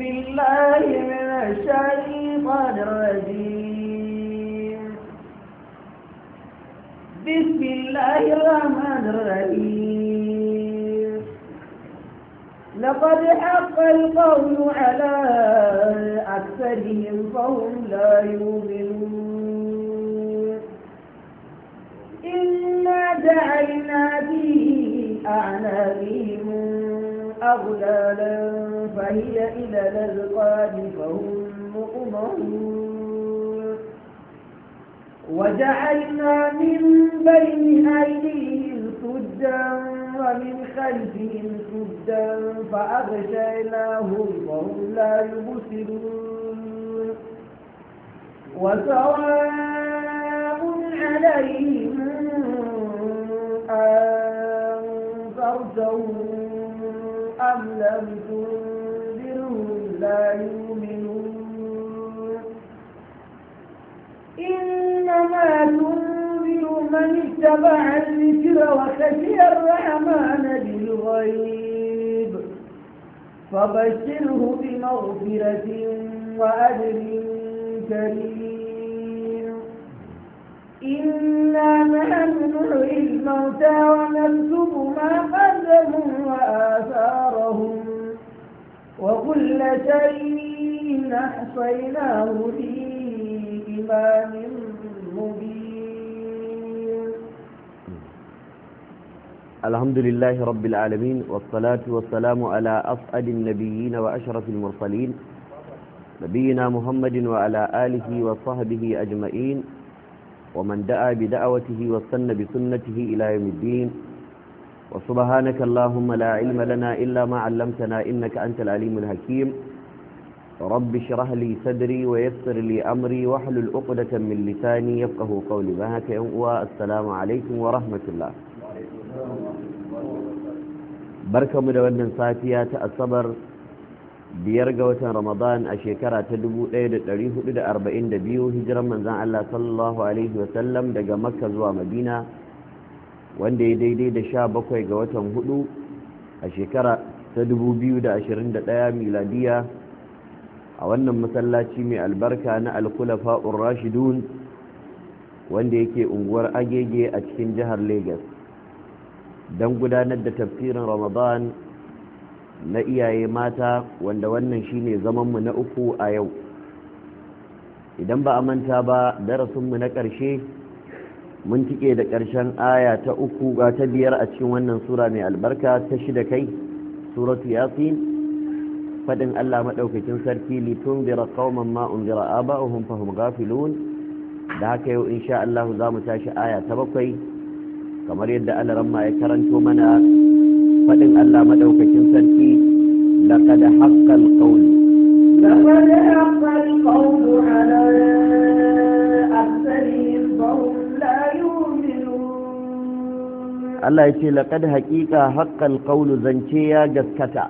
بالله من الشيطان الرجيم بسم الله الرحمن الرحيم لقد حق القول على أكثرهم فهم لا يؤمنون إنا جعلنا في أعنابهم أغلالا فهي إلى الألقاب فهم مؤمرون وجعلنا من بين أيديهم سدا ومن خلفهم سدا فأغشيناهم وهم لا يبصرون وسواء عليهم أنذرتهم أم لم تنذرهم لا يؤمنون إنما تنذر من اتبع الذكر وخشي الرحمن بالغيب فبشره بمغفرة وأجر كريم إنا نحن الموتى ونكتب ما قدموا وآثارهم وكل شيء أحصيناه في إمام مبين الحمد لله رب العالمين والصلاة والسلام على أصعد النبيين وأشرف المرسلين نبينا محمد وعلى آله وصحبه أجمعين ومن دعا بدعوته واستنى بسنته إلى يوم الدين وسبحانك اللهم لا علم لنا إلا ما علمتنا إنك أنت العليم الحكيم رب اشرح لي صدري ويسر لي أمري واحلل عقدة من لساني يفقه قولي بهك السلام عليكم ورحمة الله barkamu da wannan safiya ta asabar biyar ga watan ramadan a shekara ta 1442 hijiran manzan Allah sallallahu Alaihi wasallam daga makka zuwa madina wanda ya daidai da sha bakwai ga watan hudu a shekara ta 2021 miladiya a wannan masallaci mai albarka na alkulafa rashidun wanda yake unguwar agege a cikin jihar lagos don gudanar da tafsirin ramadan na iyaye mata wanda wannan shine zamanmu na uku a yau idan ba a manta ba darasinmu na ƙarshe mun tike da ƙarshen aya ta uku ga ta biyar a cikin wannan sura mai albarka ta shida kai suratu yasin faɗin allah maɗaukakin sarki litun bira kauman ma'un bira aba'uhum fahim gafilun da haka yau insha allahu za mu tashi aya ta bakwai kamar yadda alaramma ya karanto mana faɗin Allah maɗaukakin sarki laqad haqqal qawl laqad haqqal qawl ala aktharihim wa la yu'minun Allah yace laqad zance ya gaskata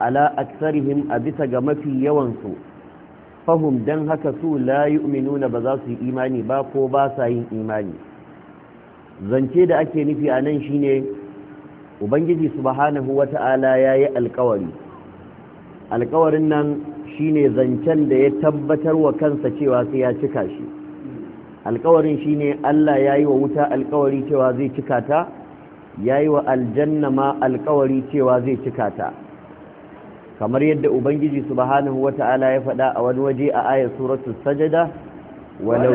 ala aktharihim a bisa ga mafi yawansu. Fahim don haka su la yu'minuna ba za su yi imani ba ko ba sa yin imani zance da ake nufi a nan shine ubangiji subhanahu ya yi alƙawari alƙawarin nan shine zancen da ya tabbatar wa kansa cewa sai ya cika shi alƙawarin shine Allah ya yi wa wuta alƙawari cewa zai cika ta yi wa aljanna ma alƙawari cewa zai cika ta kamar yadda ubangiji subhanahu ta'ala ya faɗa a wani waje a ayar suratu sajada walau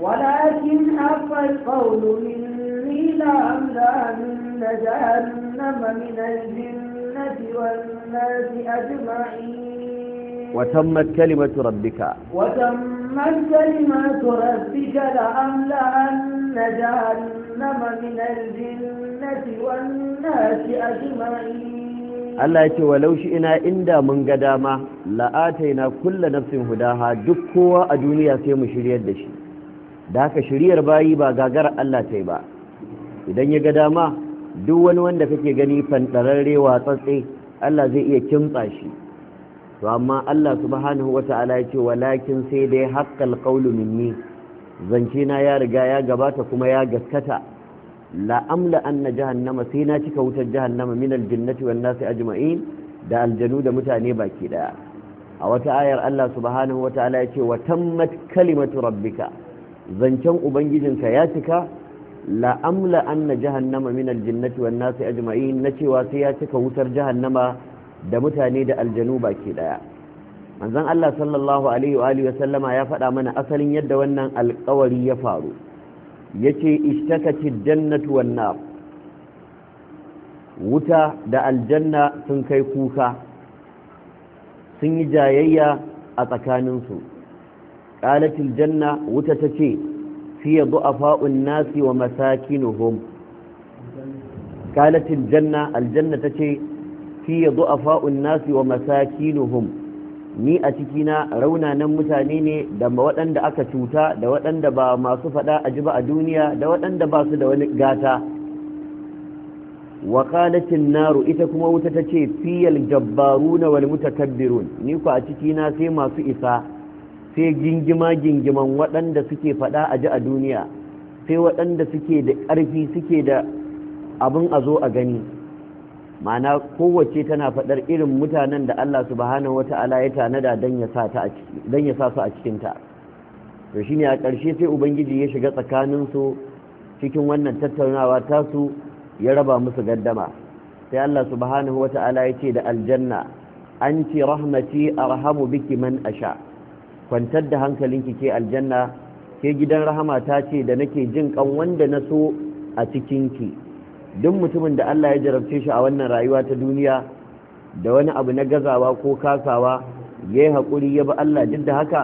ولكن حق القول مني لأملأن جهنم من الجنة والناس أجمعين وتمت كلمة ربك وتمت كلمة ربك لأملأن جهنم من الجنة والناس أجمعين Allah ya ce walau shi ina inda mun ga dama la'ataina kullu nafsin hudaha duk kowa a duniya sai mu shiryar da shi da haka shiriyar bayi ba gagarar Allah ta ba idan ya ga dama duk wani wanda kake gani fantararre watsatse Allah zai iya kimtsa shi to amma Allah subhanahu ta'ala ya ce walakin sai dai haqqal qawlu minni zance na ya riga ya gabata kuma ya gaskata la amla anna jahannama sai na cika wutar jahannama min aljannati wan nasi ajma'in da aljanu da mutane baki daya a wata ayar Allah subhanahu ta'ala ya ce wa tammat kalimatu rabbika zancen ubangijinka ya cika la'amla anna jahannama min aljannati wan nasi ajma'in na cewa sai ya cika wutar jahannama da mutane da aljanu baki daya manzon Allah sallallahu alaihi wa alihi wa sallama ya faɗa mana asalin yadda wannan alƙawari ya faru yace ishtakati jannatu wan nar wuta da aljanna sun kai kuka sun yi jayayya a tsakaninsu qalatil janna wuta tace fiye du'afa'un nasi wa masakinuhum qalatil janna aljanna tace fiye du'afa'un ni a cikina raunanan mutane ne da waɗanda aka cuta da waɗanda ba masu faɗa a ji ba a duniya da waɗanda ba su da wani gata wakalatin naru ita kuma wuta ta ce fiyal na wal mutakabbirun ni ku a cikina sai masu isa sai gingima gingiman waɗanda suke faɗa a ji a duniya sai waɗanda suke da ƙarfi suke da abin a zo a gani ma'ana kowace tana faɗar irin mutanen da Allah subhanahu Ala ya tanada don ya sa su a cikinta to shine a ƙarshe sai ubangiji ya shiga tsakaninsu cikin wannan tattaunawa tasu ya raba musu gaddama sai Allah subhanahu Ala ya ce da aljanna an ce rahmati arhamu biki man asha' kwantar da hankalinki ke aljanna ke gidan rahama ta ce da nake jin kan wanda na so a cikinki duk mutumin da Allah ya jarabce shi a wannan rayuwa ta duniya da wani abu na gazawa ko kasawa ya yi haƙuri ya bi Allah duk da haka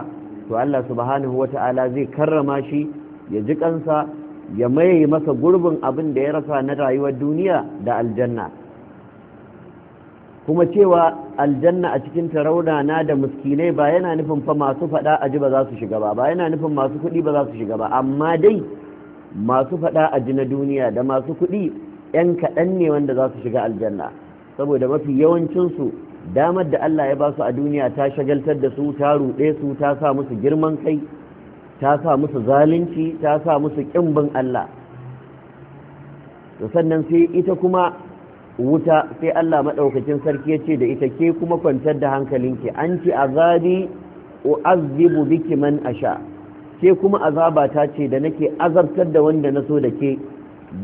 to Allah subhanahu wa ta'ala zai karrama shi ya ji kansa ya maye masa gurbin abin da ya rasa na rayuwar duniya da aljanna kuma cewa aljanna a cikin tarauna na da miskinai ba yana nufin fa masu fada a ji ba za su shiga ba ba yana nufin masu kuɗi ba za su shiga ba amma dai masu fada a ji na duniya da masu kuɗi 'yan kaɗan ne wanda za su shiga aljanna saboda mafi yawancinsu damar da Allah ya ba su a duniya ta shagaltar da su ta ruɗe su ta sa musu girman kai ta sa musu zalunci ta sa musu ƙimbin Allah to sannan sai ita kuma wuta sai Allah maɗaukacin sarki ya ce da ita ke kuma kwantar da hankalinki an ci azabi azibu biki man asha ke kuma azaba ta ce da nake azabtar da wanda na so da ke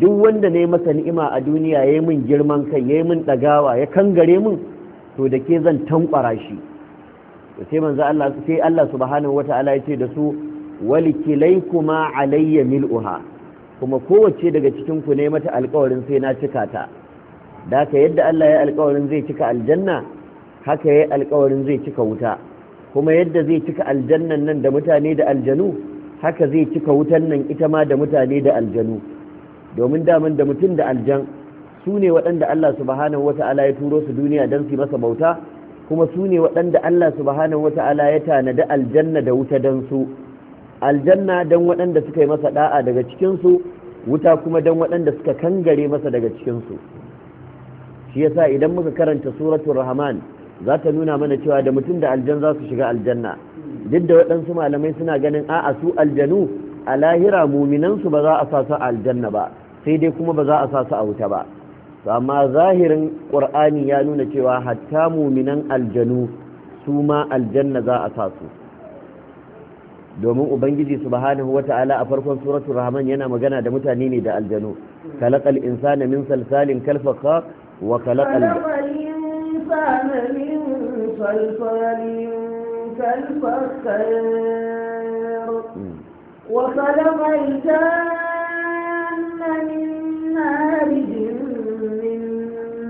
duk wanda ne masa ni'ima a duniya yayi min girman kai yayi min dagawa ya kangare min to da ke zan tankwara shi to sai manzo Allah sai Allah subhanahu wataala ya ce da su walikilaykuma alayya mil'uha kuma kowace daga cikin ku ne mata alƙawarin sai na cika ta da ka yadda Allah ya alkawarin zai cika aljanna haka ya alkawarin zai cika wuta kuma yadda zai cika aljannan nan da mutane da aljanu haka zai cika wutan nan ita ma da mutane da aljanu domin daman da mutum da aljan su ne waɗanda Allah subhanahu wata'ala ya turo su duniya don su masa bauta kuma su ne waɗanda Allah subhanahu wata'ala ya tanada aljanna da wuta don su aljanna don waɗanda suka yi masa ɗa'a daga cikinsu wuta kuma don waɗanda suka kangare masa daga cikinsu shi yasa idan muka karanta suratul rahman za ta nuna mana cewa da mutum da aljan za su shiga aljanna duk da waɗansu malamai suna ganin a'a su aljanu a lahira muminansu ba za a sasu aljanna ba sai dai kuma ba za a sa su a wuta ba amma zahirin ƙur'ani ya nuna cewa hatta muminan aljanu su ma aljanna za a sa su domin ubangiji subhanahu wata'ala a farkon suratul rahman yana magana da mutane ne da aljanu kalaqal insana min salsalin kal وخلق الإنسان من صلصال كالفخار وخلق الجن من مارج من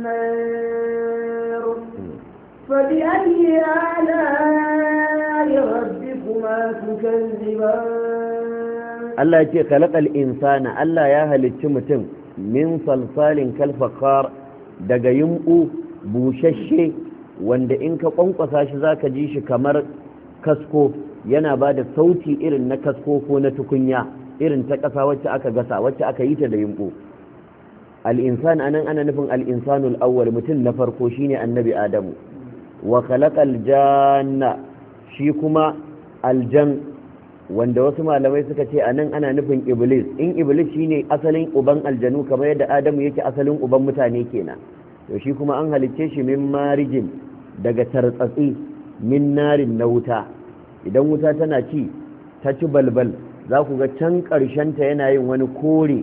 نار فبأي آلاء ربكما تكذبان الله يقول خلق الإنسان الله يا هل التمتم من صلصال كالفخار daga yumɓu bushashe wanda in ka ƙwanƙwasa shi za ka ji shi kamar kasko yana ba da sauti irin na kasko ko na tukunya irin ta ƙasa wacce aka gasa wacce aka yi ta da yumɓu al'insan a nan ana nufin al'insanul awwal mutum na farko shine annabi adamu wa aljanna shi kuma aljan wanda wasu malamai suka ce anan ana nufin iblis in iblis shine asalin uban aljanu kamar yadda adamu yake asalin uban mutane kenan to shi kuma an halicce shi min marijin daga tartsatsi min narin na wuta idan wuta tana ci ta ci balbal za ku ga can ta yana yin wani kore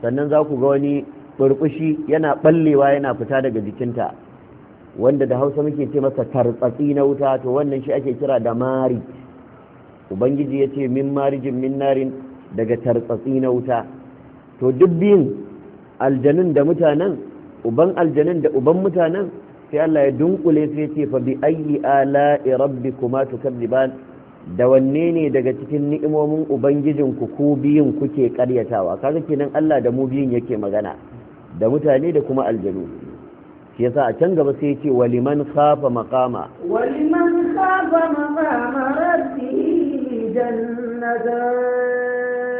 sannan za ku ga wani burbushi yana ballewa yana fita daga jikinta wanda da hausa muke ce masa tartsatsi na wuta to wannan shi ake kira da mari ubangiji ya ce min marijin min narin daga tartsatsi na wuta to duk biyun aljanin da mutanen uban aljanin da uban mutanen sai Allah ya dunkule sai ya ce fa bi ayyi ala'i rabbikuma tukadziban da wanne ne daga cikin ni'imomin ubangijin ku ku biyun kuke karyatawa kaga kenan Allah da mu biyun yake magana da mutane da kuma aljanu shi yasa a can gaba sai ya ce waliman khafa maqama waliman khafa maqama rabbihi jannatan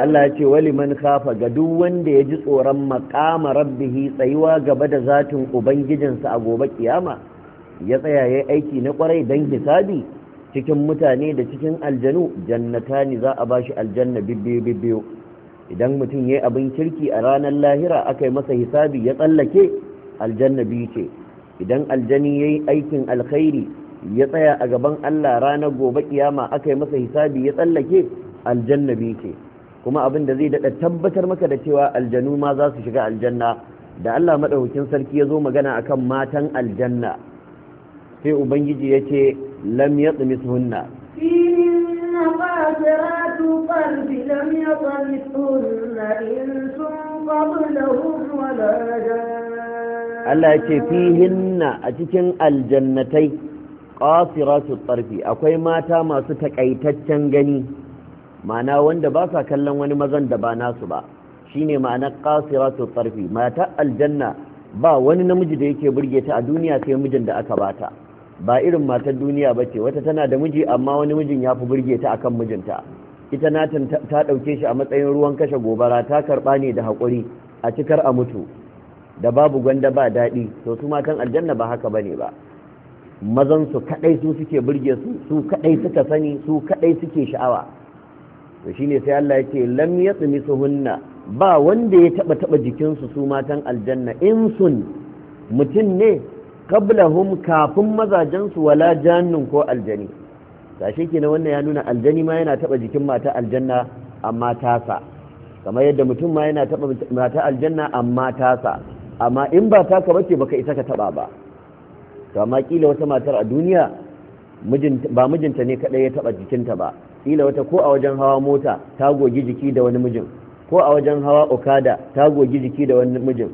Allah ya ce wali man khafa ga duk wanda ya ji tsoron maqama rabbihi tsayuwa gaba da zatin ubangijinsa a gobe kiyama ya tsaya yayi aiki na kwarai dan hisabi cikin mutane da cikin aljanu jannatani za a bashi aljanna bibbiyu bibbiyu idan mutum yayi abin kirki a ranar lahira aka yi masa hisabi ya tsallake aljanna biyu ce idan aljani yayi aikin alkhairi ya tsaya a gaban Allah ranar gobe kiyama aka yi masa hisabi ya tsallake aljannabi ke kuma abin da zai daɗa tabbatar maka da cewa aljanu ma za su shiga aljanna da Allah maɗaukakin sarki ya zo magana akan matan aljanna sai ubangiji ya ce lam ya tsumi suhunna Allah ya ce fihinna a cikin aljannatai qasiratu tarfi akwai mata masu takaitaccen gani ma'ana wanda ba sa kallon wani mazan da ba nasu ba shine ma'ana qasiratu tarfi mata aljanna ba wani namiji da yake burge ta a duniya sai mijin da aka bata ba irin matar duniya ba ce wata tana da miji amma wani mijin ya fi burge ta akan mijinta ita natan ta ɗauke shi a matsayin ruwan kashe gobara ta karɓa ne da haƙuri a cikar a mutu da babu gwanda ba daɗi to su matan aljanna ba haka bane ba mazan su kadai su suke burge su su kadai suka sani su kadai suke sha'awa to shine sai Allah yake lam yatmisuhunna ba wanda ya taba taba jikin su su matan aljanna in sun mutum ne qablahum kafin mazajen su wala jannun ko aljani gashi kenan wannan ya nuna aljani ma yana taba jikin mata aljanna amma sa kamar yadda mutum ma yana taba mata aljanna amma sa amma in ba taka bace baka isa ka taba ba to amma kila wata matar a duniya ba mijinta ne kadai ya taba jikinta ba kila wata ko a wajen hawa mota ta gogi jiki da wani mijin ko a wajen hawa okada ta gogi jiki da wani mijin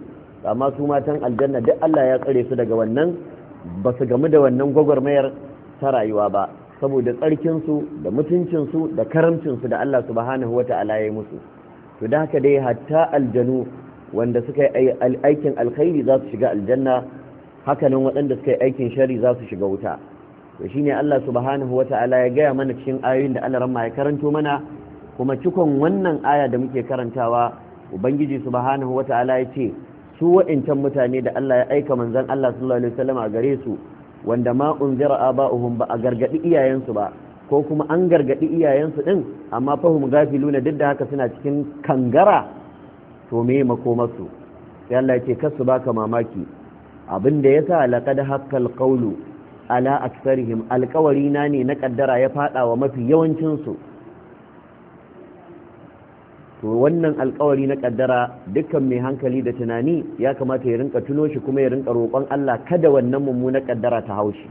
amma su matan aljanna duk Allah ya tsare su daga wannan ba su gamu da wannan gwagwarmayar ta rayuwa ba saboda tsarkinsu da mutuncinsu da karamcinsu da Allah subhanahu wata'ala ya yi musu to da haka dai hatta aljanu wanda suka yi aikin alkhairi za su shiga aljanna hakanan waɗanda suka yi aikin shari za su shiga wuta to shine Allah subhanahu ta'ala ya gaya mana cikin ayoyin da Allah ya karanto mana kuma cikon wannan aya da muke karantawa ubangiji subhanahu ya ce su wa'incan mutane da Allah ya aika manzon Allah sallallahu alaihi wasallam a gare su wanda ma unzira aba'uhum ba a gargadi iyayensu ba ko kuma an gargadi iyayensu din amma fahum gafiluna duk da haka suna cikin kangara to me makomarsu sai Allah ya ce kasu baka mamaki abin da ya sa da hakkal ƙaulu ala aksarihim alƙawari na ne na ƙaddara ya faɗa wa mafi yawancinsu to wannan alƙawari na ƙaddara dukkan mai hankali da tunani ya kamata ya rinka tuno shi kuma ya rinka roƙon Allah kada wannan mummunar ƙaddara ta haushi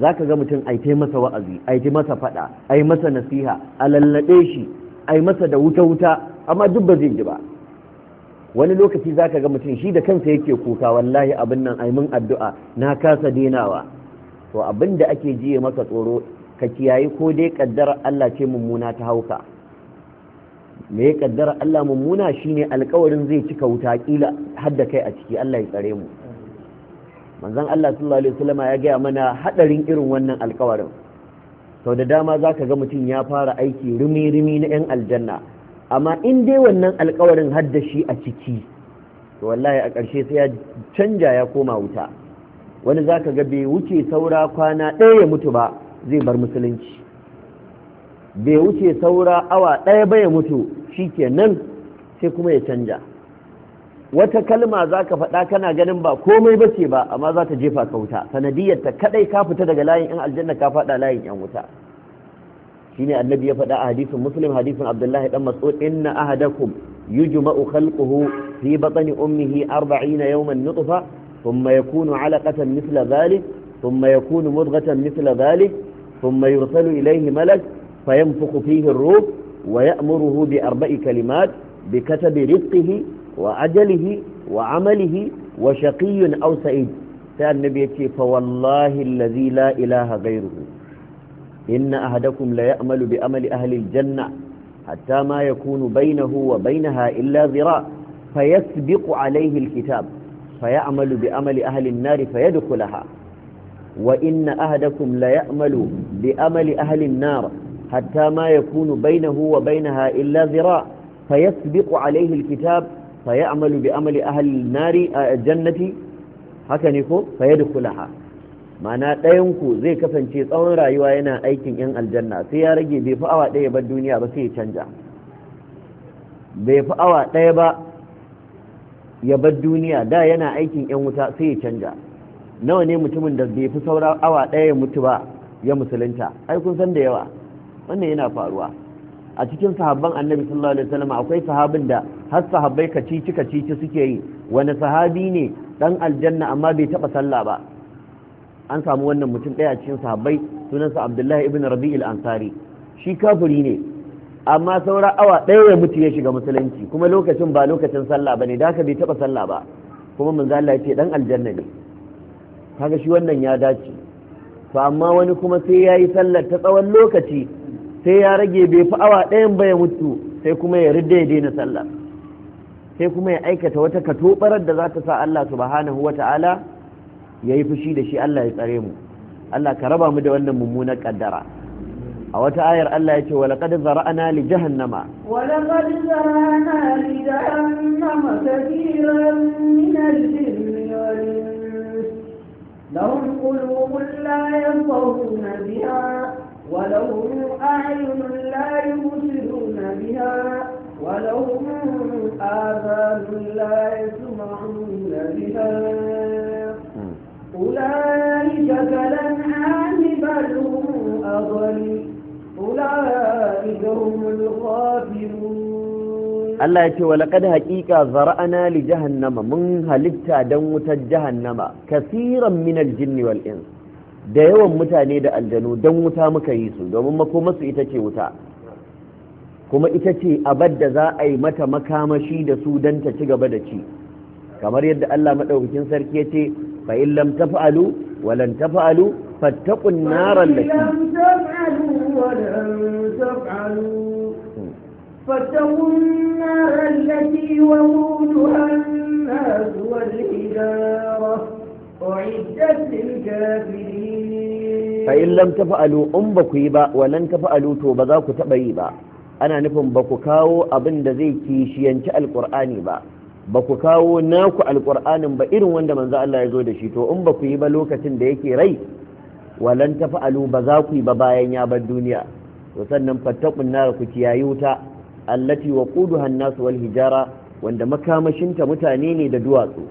za ka ga mutum aite masa wa'azi aite masa faɗa ai masa nasiha a lallaɗe shi ai masa da wuta-wuta amma duk ba zai ji ba wani lokaci za ka ga mutum shi da kansa yake kuka wallahi abin nan ai addu'a na kasa denawa to abin da ake jiye maka tsoro ka kiyaye ko dai kaddar Allah ce mummuna ta hauka me ya kaddar Allah mummuna shine alkawarin zai cika wuta kila har kai a ciki Allah ya tsare mu manzon Allah sallallahu alaihi wasallam ya gaya mana hadarin irin wannan alkawarin sau da dama zaka ga mutum ya fara aiki rumi rumi na yan aljanna amma in dai wannan alkawarin haddashi a ciki to wallahi a ƙarshe sai ya canja ya koma wuta wani zaka ga bai wuce saura kwana ɗaya ya mutu ba zai bar musulunci bai wuce saura awa ɗaya ba ya mutu shi nan sai kuma ya canja wata kalma za ka faɗa kana ganin ba komai ba ce ba amma za ta jefa ka wuta sanadiyar ta kaɗai ka fita daga layin 'yan aljanna ka faɗa layin 'yan wuta shine annabi ya faɗa a hadisin muslim hadisin abdullahi dan mas'ud inna ahadakum yujma'u khalquhu fi batni ummihi 40 yawman nutfa thumma yakunu 'alaqatan mithla dhalik thumma yakunu mudghatan mithla dhalik thumma yursalu ilayhi malak fayanfukhu fihi ar-ruh wa ya'muruhu bi arba'i kalimat bi katabi rizqihi wa ajalihi wa 'amalihi wa shaqiyyun aw sa'id sai annabi yace fa wallahi allazi la ilaha ghayruhu إن أهدكم ليأمل بأمل أهل الجنة حتى ما يكون بينه وبينها إلا ذراع فيسبق عليه الكتاب فيعمل بأمل أهل النار فيدخلها وإن أهدكم ليأمل بأمل أهل النار حتى ما يكون بينه وبينها إلا ذراع فيسبق عليه الكتاب فيعمل بأمل أهل النار آه، الجنة هكذا نقول فيدخلها mana ɗayan ku zai kasance tsawon rayuwa yana aikin yan aljanna sai ya rage bai fi awa ɗaya ba duniya ba sai ya canja bai fi awa ɗaya ba ya bar duniya da yana aikin yan wuta sai ya canja nawa ne mutumin da bai fi saura awa ɗaya ya mutu ba ya musulunta ai kun san da yawa wannan yana faruwa a cikin sahabban annabi sallallahu alaihi wasallam akwai sahabin da har sahabbai kacici kacici suke yi wani sahabi ne dan aljanna amma bai taba sallah ba an samu wannan mutum ɗaya a cikin sahabbai sunansa abdullahi ibn rabi'il ansari shi kafuri ne amma saura awa ɗaya ya mutu ya shiga musulunci kuma lokacin ba lokacin sallah bane da haka bai taɓa sallah ba kuma manzo Allah ya dan aljanna ne kaga shi wannan ya dace to amma wani kuma sai ya yi sallar ta tsawon lokaci sai ya rage bai fi awa ɗayan ba ya mutu sai kuma ya ridda ya daina sallah sai kuma ya aikata wata katobarar da za ta sa Allah subhanahu wata'ala yayi fushi da shi Allah ya tsare mu Allah ka raba mu da wannan mummunar kaddara a wata ayar Allah ya ce wa laqad zara'na li jahannama wa laqad zara'na li jahannama kathiran min al jinn wal lahum la yafqahuna biha wa lahum a'yunun la yubsiruna biha wa آذان لا يسمعون بها أولئك كالأنعام بل أضل أولئك هم الغافلون Allah ya ce wa laqad haqiqa zara'ana li jahannama mun halitta dan wutar jahannama kasiran min al-jinn wal ins da yawan mutane da aljanu dan wuta muka yi su domin makomarsu ita ce wuta kuma ita ce abad da za a yi mata makamashi da su dan ta ci gaba da ci kamar yadda Allah madaukakin sarki ya ce فإن لم تفعلوا ولن تفعلوا فاتقوا النار التي فإن لم تفعلوا ولن تفعلوا فاتقوا النار التي وقودها الناس والحجارة أعدت للكافرين فإن لم تفعلوا أم بكيبا ولن تفعلوا توبذاك تبيبا أنا نفهم بكوكاو أبن دزيكي شينك القرآن با ba ku kawo naku alƙur'anin ba irin wanda manzo Allah ya zo da shi to in ba ku yi ba lokacin da yake rai walan tafa'alu ba za ku yi ba bayan ya bar duniya to sannan fattaqun nar ku kiyayi wuta allati waquduha an-nas wal hijara wanda makamashinta mutane ne da duwatsu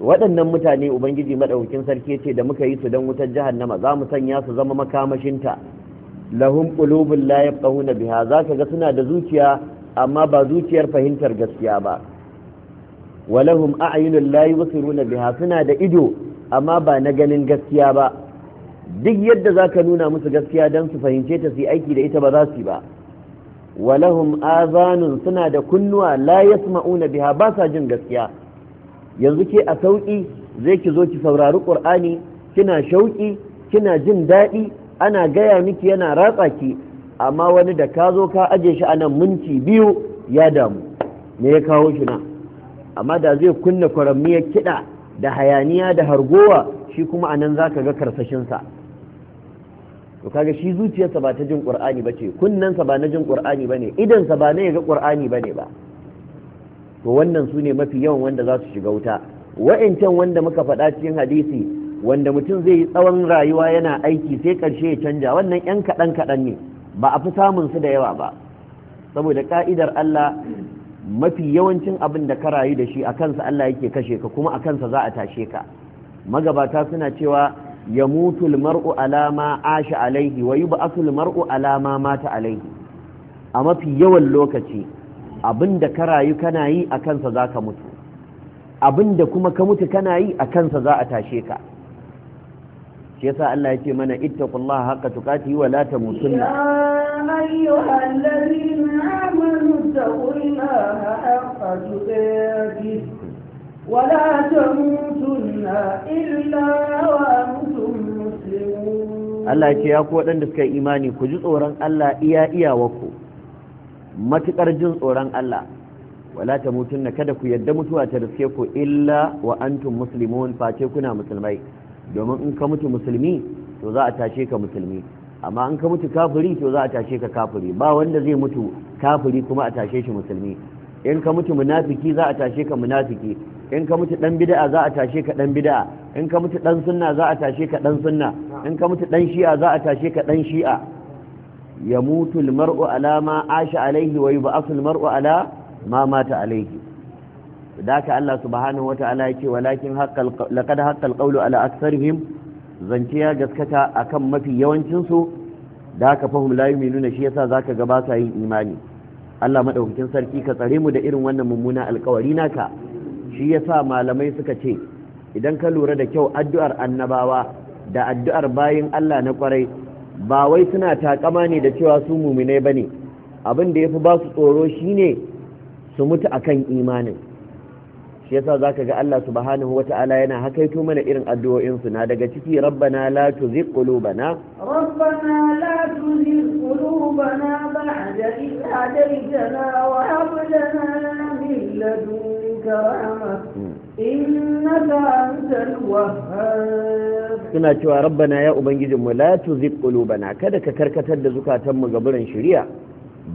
waɗannan mutane ubangiji madaukakin sarki ce da muka yi su dan wutar jahannama za mu sanya su zama makamashinta lahum qulubun la yafqahuna biha zaka ga suna da zuciya amma ba zuciyar fahimtar gaskiya ba walahum a'yunun la yubsiruna biha suna da ido amma ba na ganin gaskiya ba duk yadda zaka nuna musu gaskiya dan su fahimce ta su aiki da ita ba za su yi ba walahum azanun suna da kunnuwa la yasma'una biha ba sa jin gaskiya yanzu ke a sauki zai ki zo ki saurari qur'ani kina shauki kina jin daɗi ana gaya miki yana ratsa ki amma wani da ka zo ka aje shi a nan minti biyu ya damu me ya kawo shi na amma da zai kunna kwarammiyar kiɗa da hayaniya da hargowa shi kuma a nan za ka ga karsashinsa to kaga shi zuciyarsa ba ta jin ƙur'ani ba ce kunnansa ba na jin ƙur'ani ba ne idansa ba na yaga ƙur'ani ba ne ba to wannan su ne mafi yawan wanda za su shiga wuta wa'incan wanda muka faɗa cikin hadisi wanda mutum zai yi tsawon rayuwa yana aiki sai ƙarshe ya canja wannan 'yan kaɗan kaɗan ne ba a fi samun su da yawa ba saboda ƙa'idar Allah mafi yawancin abin da ka rayu da shi a kansa Allah yake kashe ka kuma a kansa za a tashe ka magabata suna cewa ya mutul mar'u alama asha alaihi wa yi yub'atul mar'u alama mata alaihi a mafi yawan lokaci abin da ka rayu kana yi a kansa za ka mutu abin da kuma ka mutu kana yi a kansa za a tashe ka shi yasa Allah yake mana ittaqullaha haqqa tuqatihi wa la tamutunna ya ayyuhallazina amanu taqullaha haqqa tuqatihi wa la tamutunna illa wa antum muslimun Allah yake ya ku wadanda suka yi imani ku ji tsoron Allah iya iyawarku matukar jin tsoron Allah wala tamutunna kada ku yadda mutuwa ta riske ku illa wa antum muslimun face kuna musulmai domin in ka mutu musulmi to za a tashe ka musulmi amma in ka mutu kafiri to za a tashe ka kafiri ba wanda zai mutu kafiri kuma a tashe shi musulmi in ka mutu munafiki za a tashe ka munafiki in ka mutu dan bid'a za a tashe ka dan bid'a in ka mutu dan sunna za a tashe ka dan sunna in ka mutu dan shi'a za a tashe ka dan shi'a Ya yamutu almar'u ala ma asha alaihi wa yub'athu almar'u ala ma mata alaihi da haka Allah subhanahu wata'ala ce walakin haqqal laqad haqqal qawlu ala aktharihim zance ya gaskata akan mafi yawancin su da haka fahum la yu'minuna shi yasa zaka ga ba yin imani Allah madaukakin sarki ka tsare mu da irin wannan mummuna alƙawari naka shi yasa malamai suka ce idan ka lura da kyau addu'ar annabawa da addu'ar bayin Allah na kwarai ba wai suna takama ne da cewa su muminai bane abin da yafi ba su tsoro shine su mutu akan imanin shi yasa zaka ga Allah subhanahu Ta'ala yana hakaito mana irin addu'o'in su na daga ciki rabbana la tuzigh qulubana rabbana la tuzigh qulubana ba'da idh hadaytana wa hab lana min ladunka rahmah suna cewa rabbana ya ubangijinmu la tuzigh qulubana kada ka karkatar da zukatanmu ga burin shari'a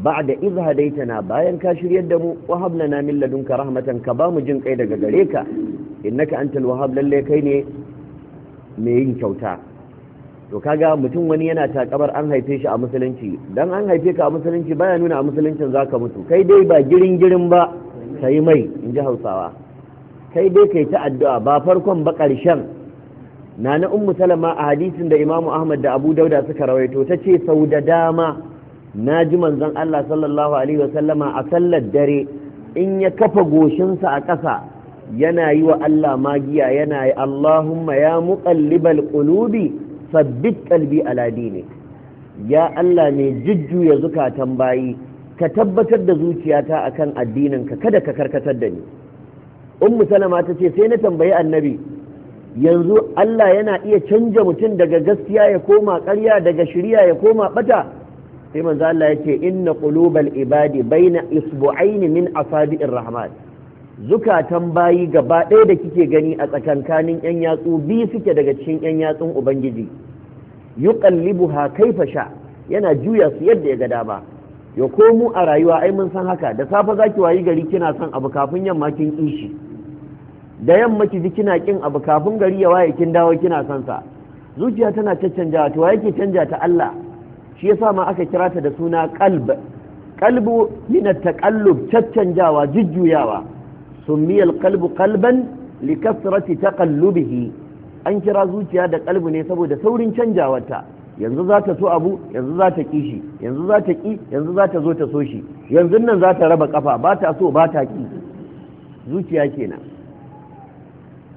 ba'da idh hadaitana bayan ka shiryar da mu wa hab lana min rahmatan ka bamu jin kai daga gare ka innaka antal wahhab lalle kai ne mai yin kyauta to kaga mutum wani yana takabar an haife shi a musulunci dan an haife ka a musulunci baya nuna a musuluncin zaka mutu kai dai ba girin girin ba kai mai in ji hausawa kai dai kai ta addu'a ba farkon ba ƙarshen na na ummu salama a hadisin da imamu ahmad da abu dauda suka rawaito ta ce sau da dama na ji manzon Allah sallallahu alaihi wasallama a sallar dare in ya kafa goshinsa a ƙasa yana yi wa Allah magiya yana yi Allahumma ya muqallibal qulubi sabbit qalbi ala dinik ya Allah ne ya zukatan bayi ka tabbatar da zuciyata akan addininka kada ka karkatar da ni ummu salama ta ce sai na tambayi annabi yanzu Allah yana iya canja mutum daga gaskiya ya koma ƙarya daga shirya ya koma ɓata? sai manzo Allah yace inna qulubal ibadi baina isbu'ain min asabi'ir rahman zukatan bayi gaba ɗaya da kike gani a tsakankanin yan yatsu biyu suke daga cikin yan yatsun ubangiji yuqallibuha kaifa sha yana juya su yadda ya ga dama ya komo a rayuwa ai mun san haka da safe zaki wayi gari kina son abu kafin yamma kin kishi da yamma ki ji kina kin abu kafin gari ya waye kin dawo kina son sa zuciya tana caccanjawa to yake canja ta Allah shi yasa ma aka kira ta da suna qalb qalbu min at-taqallub caccanjawa jujjuyawa summiyal qalbu qalban likasrati taqallubihi an kira zuciya da qalbu ne saboda saurin canjawarta yanzu za ta so abu yanzu za ta shi. yanzu za ta ki yanzu za ta zo ta so shi yanzu nan za ta raba kafa ba ta so ba ta ki zuciya kenan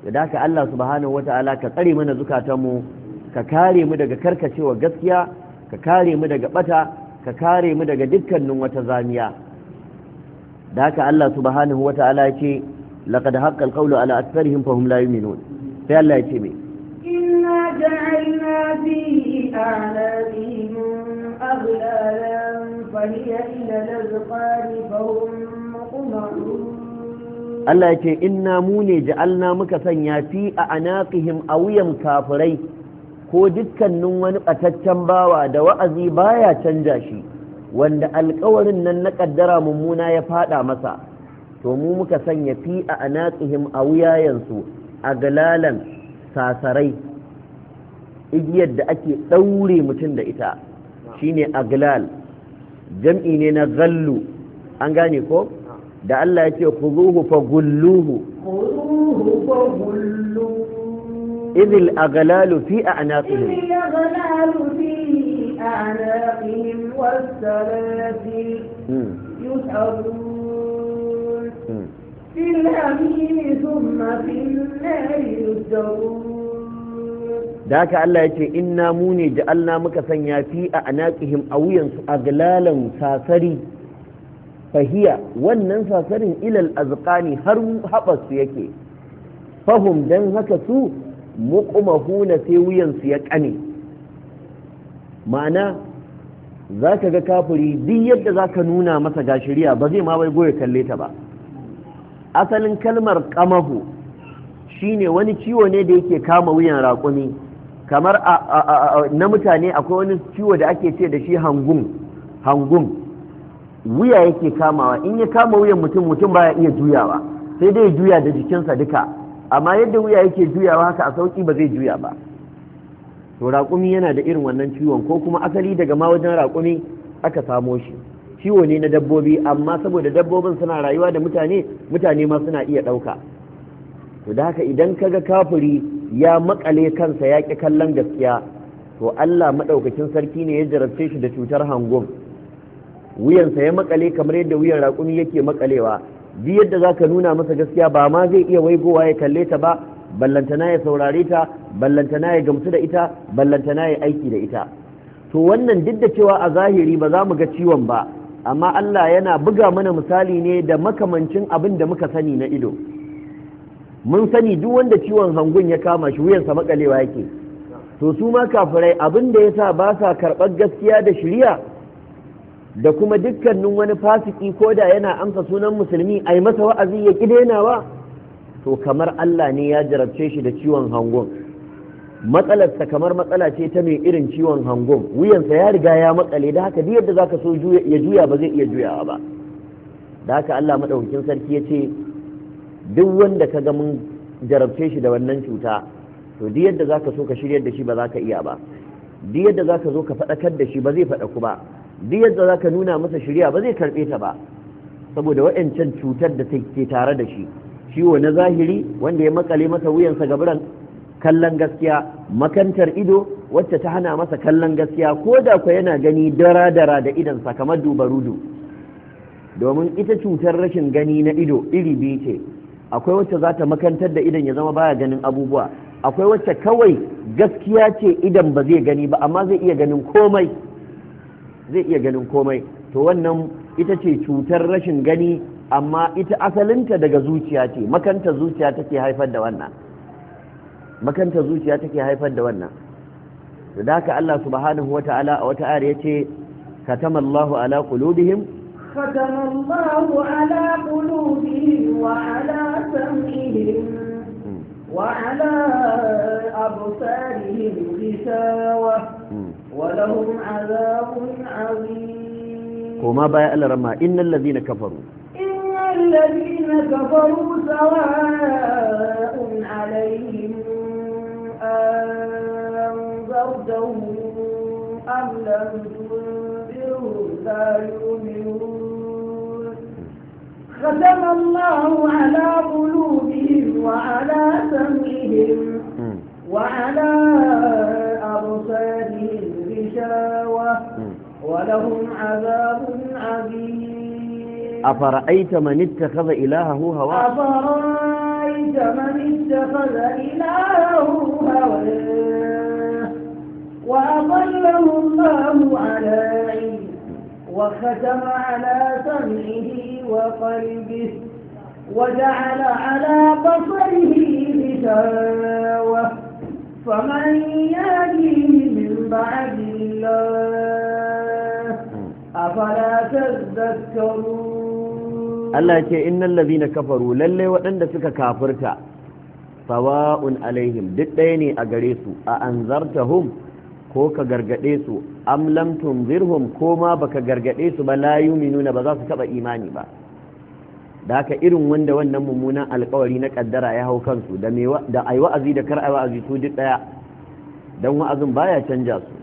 da haka Allah subhanahu wata'ala ka tsare mana zukatanmu ka kare mu daga karkacewa gaskiya ka kare mu daga bata ka kare mu daga dukkanin wata zaniya da haka Allah subhanahu wa ta'ala ya ce laqad haqqa al-qawlu ala aktharihim fa hum la yu'minun sai Allah ya ce me inna ja'alna fi a'ladihim aghlalan fa hiya ila al-azqan fa hum muqmarun Allah ya ce inna mu ne ja'alna muka sanya fi a a wuyan kafirai ko dukkanin wani ɓataccen bawa da wa'azi baya canja shi wanda alkawarin nan na ƙaddara mummuna ya faɗa masa to mu muka sanya fi a anatsihim a wuyayensu a galalan sasarai igiyar da ake ɗaure mutum da ita shine aglal jam'i ne na gallu an gane ko da Allah ya ce ku zuhu fa gulluhu إذ الأغلال في أعناقهم إذ الأغلال في أعناقهم والسلاسل يسحرون في الحميم ثم في النار يسجرون da haka Allah yace ce inna mu ne ja'alna muka sanya fi a anaqihim a wuyansu aglalan safari fahiya wannan sasarin ilal azqani har habas yake fahum dan haka su na sai wuyansu ya ƙane ma'ana za ka ga kafuri duk yadda za ka nuna masa gashiriya ba zai ma bai goya kalle ta ba asalin kalmar kamahu shine wani ciwo ne da yake kama wuyan raƙumi kamar na mutane akwai wani ciwo da ake ce da shi hangum hangum wuya yake kamawa in ya kama wuyan mutum mutum baya iya juyawa sai dai juya da jikinsa duka amma yadda wuya yake juyawa haka a sauki ba zai juya ba to raƙumi yana da irin wannan ciwon ko kuma asali daga ma wajen raƙumi aka samo shi ciwo ne na dabbobi amma saboda dabbobin suna rayuwa da mutane mutane ma suna iya ɗauka to da haka idan kaga kafuri ya makale kansa ya ƙi kallon gaskiya to Allah maɗaukacin sarki ne ya jarabce shi da cutar hangum wuyansa ya maƙale kamar yadda wuyan raƙumi yake makalewa duk yadda za ka nuna masa gaskiya ba ma zai iya waigowa ya kalle ta ba ballantana ya saurare ta ballantana ya gamsu da ita ballantana ya aiki da ita to wannan duk da cewa a zahiri ba za mu ga ciwon ba amma Allah yana buga mana misali ne da makamancin abin da muka sani na ido mun sani duk wanda ciwon hangun ya kama shi wuyansa makalewa yake to su ma kafirai abin da yasa ba sa karɓar gaskiya da shiriya da kuma dukkanin wani fasiki ko da yana amsa sunan musulmi a yi masa wa'azi ya ƙi denawa to kamar Allah ne ya jarabce shi da ciwon hangon matsalarsa kamar matsala ce ta mai irin ciwon hangon wuyansa ya riga ya makale da haka yadda za ka so ya juya ba zai iya juyawa ba da haka Allah maɗaukakin sarki ya ce duk wanda ka ga mun jarabce shi da wannan cuta to duk yadda za ka so ka shiryar da shi ba za ka iya ba duk yadda za ka zo ka faɗakar da shi ba zai faɗaku ba duk yadda za ka nuna masa shirya ba zai karɓe ta ba saboda waɗancan cutar da take tare da shi ciwo na zahiri wanda ya makale masa wuyansa biran kallon gaskiya makantar ido wacce ta hana masa kallon gaskiya ko da kwa yana gani dara-dara da idansa kamar dubarudu domin ita cutar rashin gani na ido iri biyu ce akwai wacce za ta makantar da idan ya zama baya ganin abubuwa akwai wacce kawai gaskiya ce idan ba zai gani ba amma zai iya ganin komai zai iya ganin komai to wannan ita ce cutar rashin gani amma ita asalinta daga zuciya ce makanta zuciya take haifar da wannan makanta zuciya take haifar da wannan da haka Allah subhanahu wa ta'ala a wata ayar yace katamallahu ala qulubihim katamallahu ala qulubihim wa ala sam'ihim وعلى أبصارهم غشاوة ولهم عذاب عظيم وما بايا ألا رما إن الذين كفروا إن الذين كفروا سواء عليهم أنذرتهم أم لم تنذرهم لا يؤمنون ختم الله على قلوبهم وعلى سمعهم وعلى أبصارهم ولهم عذاب عظيم أفرأيت من اتخذ إلهه هواه أفرأيت من اتخذ إلهه هواه وأضله الله على علم وختم على سمعه وقلبه وجعل على بصره بشاوة فمن يهديه من بعد الله allah tadhakkarun Allah ce na ladina kafaru lalle waɗanda suka kafirta sawa'un alaihim duk ɗaya ne a gare su a anzartahum ko ka gargaɗe su am zirhum, ko ma baka gargade su ba la yu'minuna ba za su taɓa imani ba da haka irin wanda wannan mummunan alkawari na kaddara ya hau kansu da ai wa'azi da kar ai wa'azi su duk ɗaya, don wa'azin baya canja su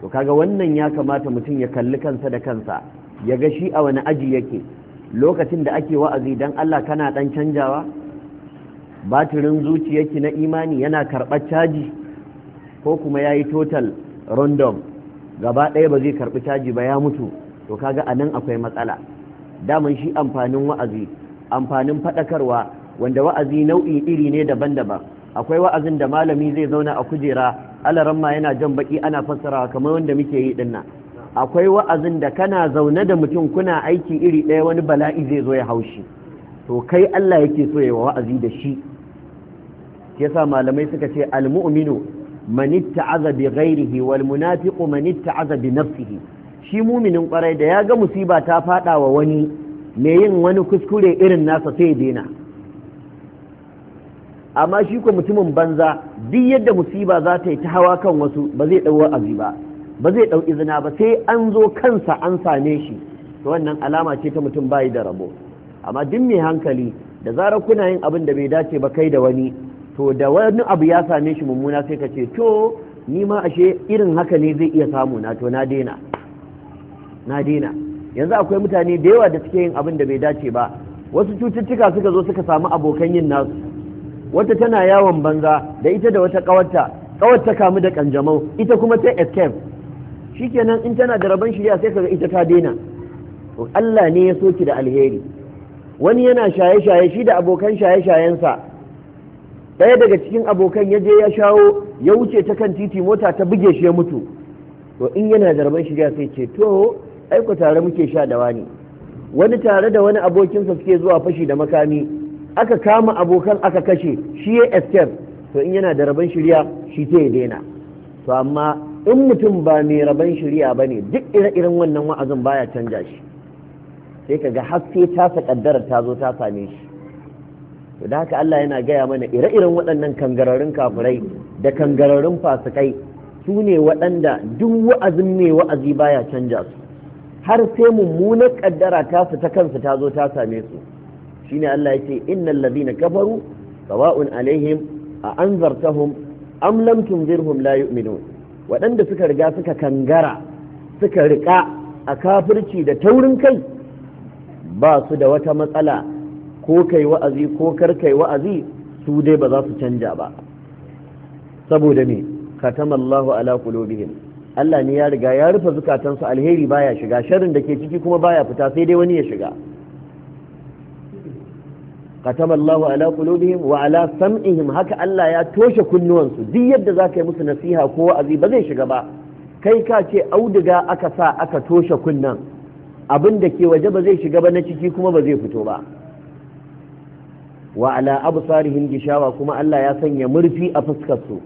to kaga wannan ya kamata mutum ya kalli kansa da kansa ya ga shi a wani aji yake lokacin da ake wa'azi dan Allah kana dan canjawa batirin zuciyarki na imani yana karɓar caji ko kuma ya yi total random gaba ɗaya ba zai karɓi caji ba ya mutu to kaga a nan akwai matsala daman shi amfanin wa'azi amfanin faɗakarwa wanda wa'azi nau'i iri ne daban-daban akwai wa'azin da malami zai zauna a kujera alaran ma yana jan baki ana fassara kamar wanda muke yi dinnan akwai wa'azin da kana zaune da mutum kuna aiki iri ɗaya wani bala'i zai zo ya haushi to kai Allah yake so ya wa'azi da shi yasa malamai suka ce almu'minu man ta'aza bi ghairihi wal munafiqu man ta'aza bi nafsihi shi muminin kwarai da ya ga musiba ta fada wa wani me yin wani kuskure irin nasa sai ya daina amma shi ko mutumin banza duk yadda musiba za ta yi ta hawa kan wasu ba zai ɗau azi ba ba zai dau izina ba sai an zo kansa an same shi to wannan alama ce ta mutum bayi da rabo amma duk mai hankali da zarar kuna yin abin da bai dace ba kai da wani to da wani abu ya same shi mummuna sai ka ce to ni ma ashe irin haka ne zai iya samu na to na daina na daina yanzu akwai mutane da yawa da suke yin abin da bai dace ba wasu cututtuka suka zo suka samu abokan yin nasu wata tana yawon banza da ita da wata kawarta kawar ta kamu da kanjamau ita kuma ta escape shikenan in tana da rabon shirya sai kaga ita ta daina to Allah ne ya soki da alheri wani yana shaye-shaye shi da abokan shaye-shayensa Daya daga cikin abokan ya je ya shawo ya wuce ta kan titi mota ta buge shi ya mutu to in yana da rabon shirya sai ce to aiko tare muke sha da wani wani tare da wani abokinsa suke zuwa fashi da makami aka kama abokan aka kashe shi ya escape to in yana da rabon shirya shi ta ya daina to amma in mutum ba mai rabon shirya ba ne duk ire-iren wannan wa'azin baya canja shi sai ka ga haske ta kaddara ta zo ta same shi to da haka Allah yana gaya mana ire-iren waɗannan kangararin kafirai da kangararin fasikai su ne waɗanda duk wa'azin mai wa'azi baya canja su har sai mummunar kaddara tasu ta kansu ta zo ta same su shine Allah yace innal ladhina kafaru sawa'un alaihim a anzartahum am lam tunzirhum la yu'minun waɗanda suka riga suka kangara suka riƙa a kafirci da taurin kai ba su da wata matsala ko kai wa'azi ko kar kai wa'azi su dai ba za su canja ba saboda me khatamallahu ala qulubihim Allah ne ya riga ya rufe zukatansu alheri baya shiga sharrin da ke ciki kuma baya fita sai dai wani ya shiga katama Allahu ala qulubihim wa ala sam'ihim haka Allah ya toshe kunnuwansu duk yadda za ka yi musu nasiha ko wa'azi ba zai shiga ba kai ka ce auduga aka sa aka toshe kunnan abin da ke waje ba zai shiga ba na ciki kuma ba zai fito ba wa ala sarihin gishawa kuma Allah ya sanya murfi a fuskar su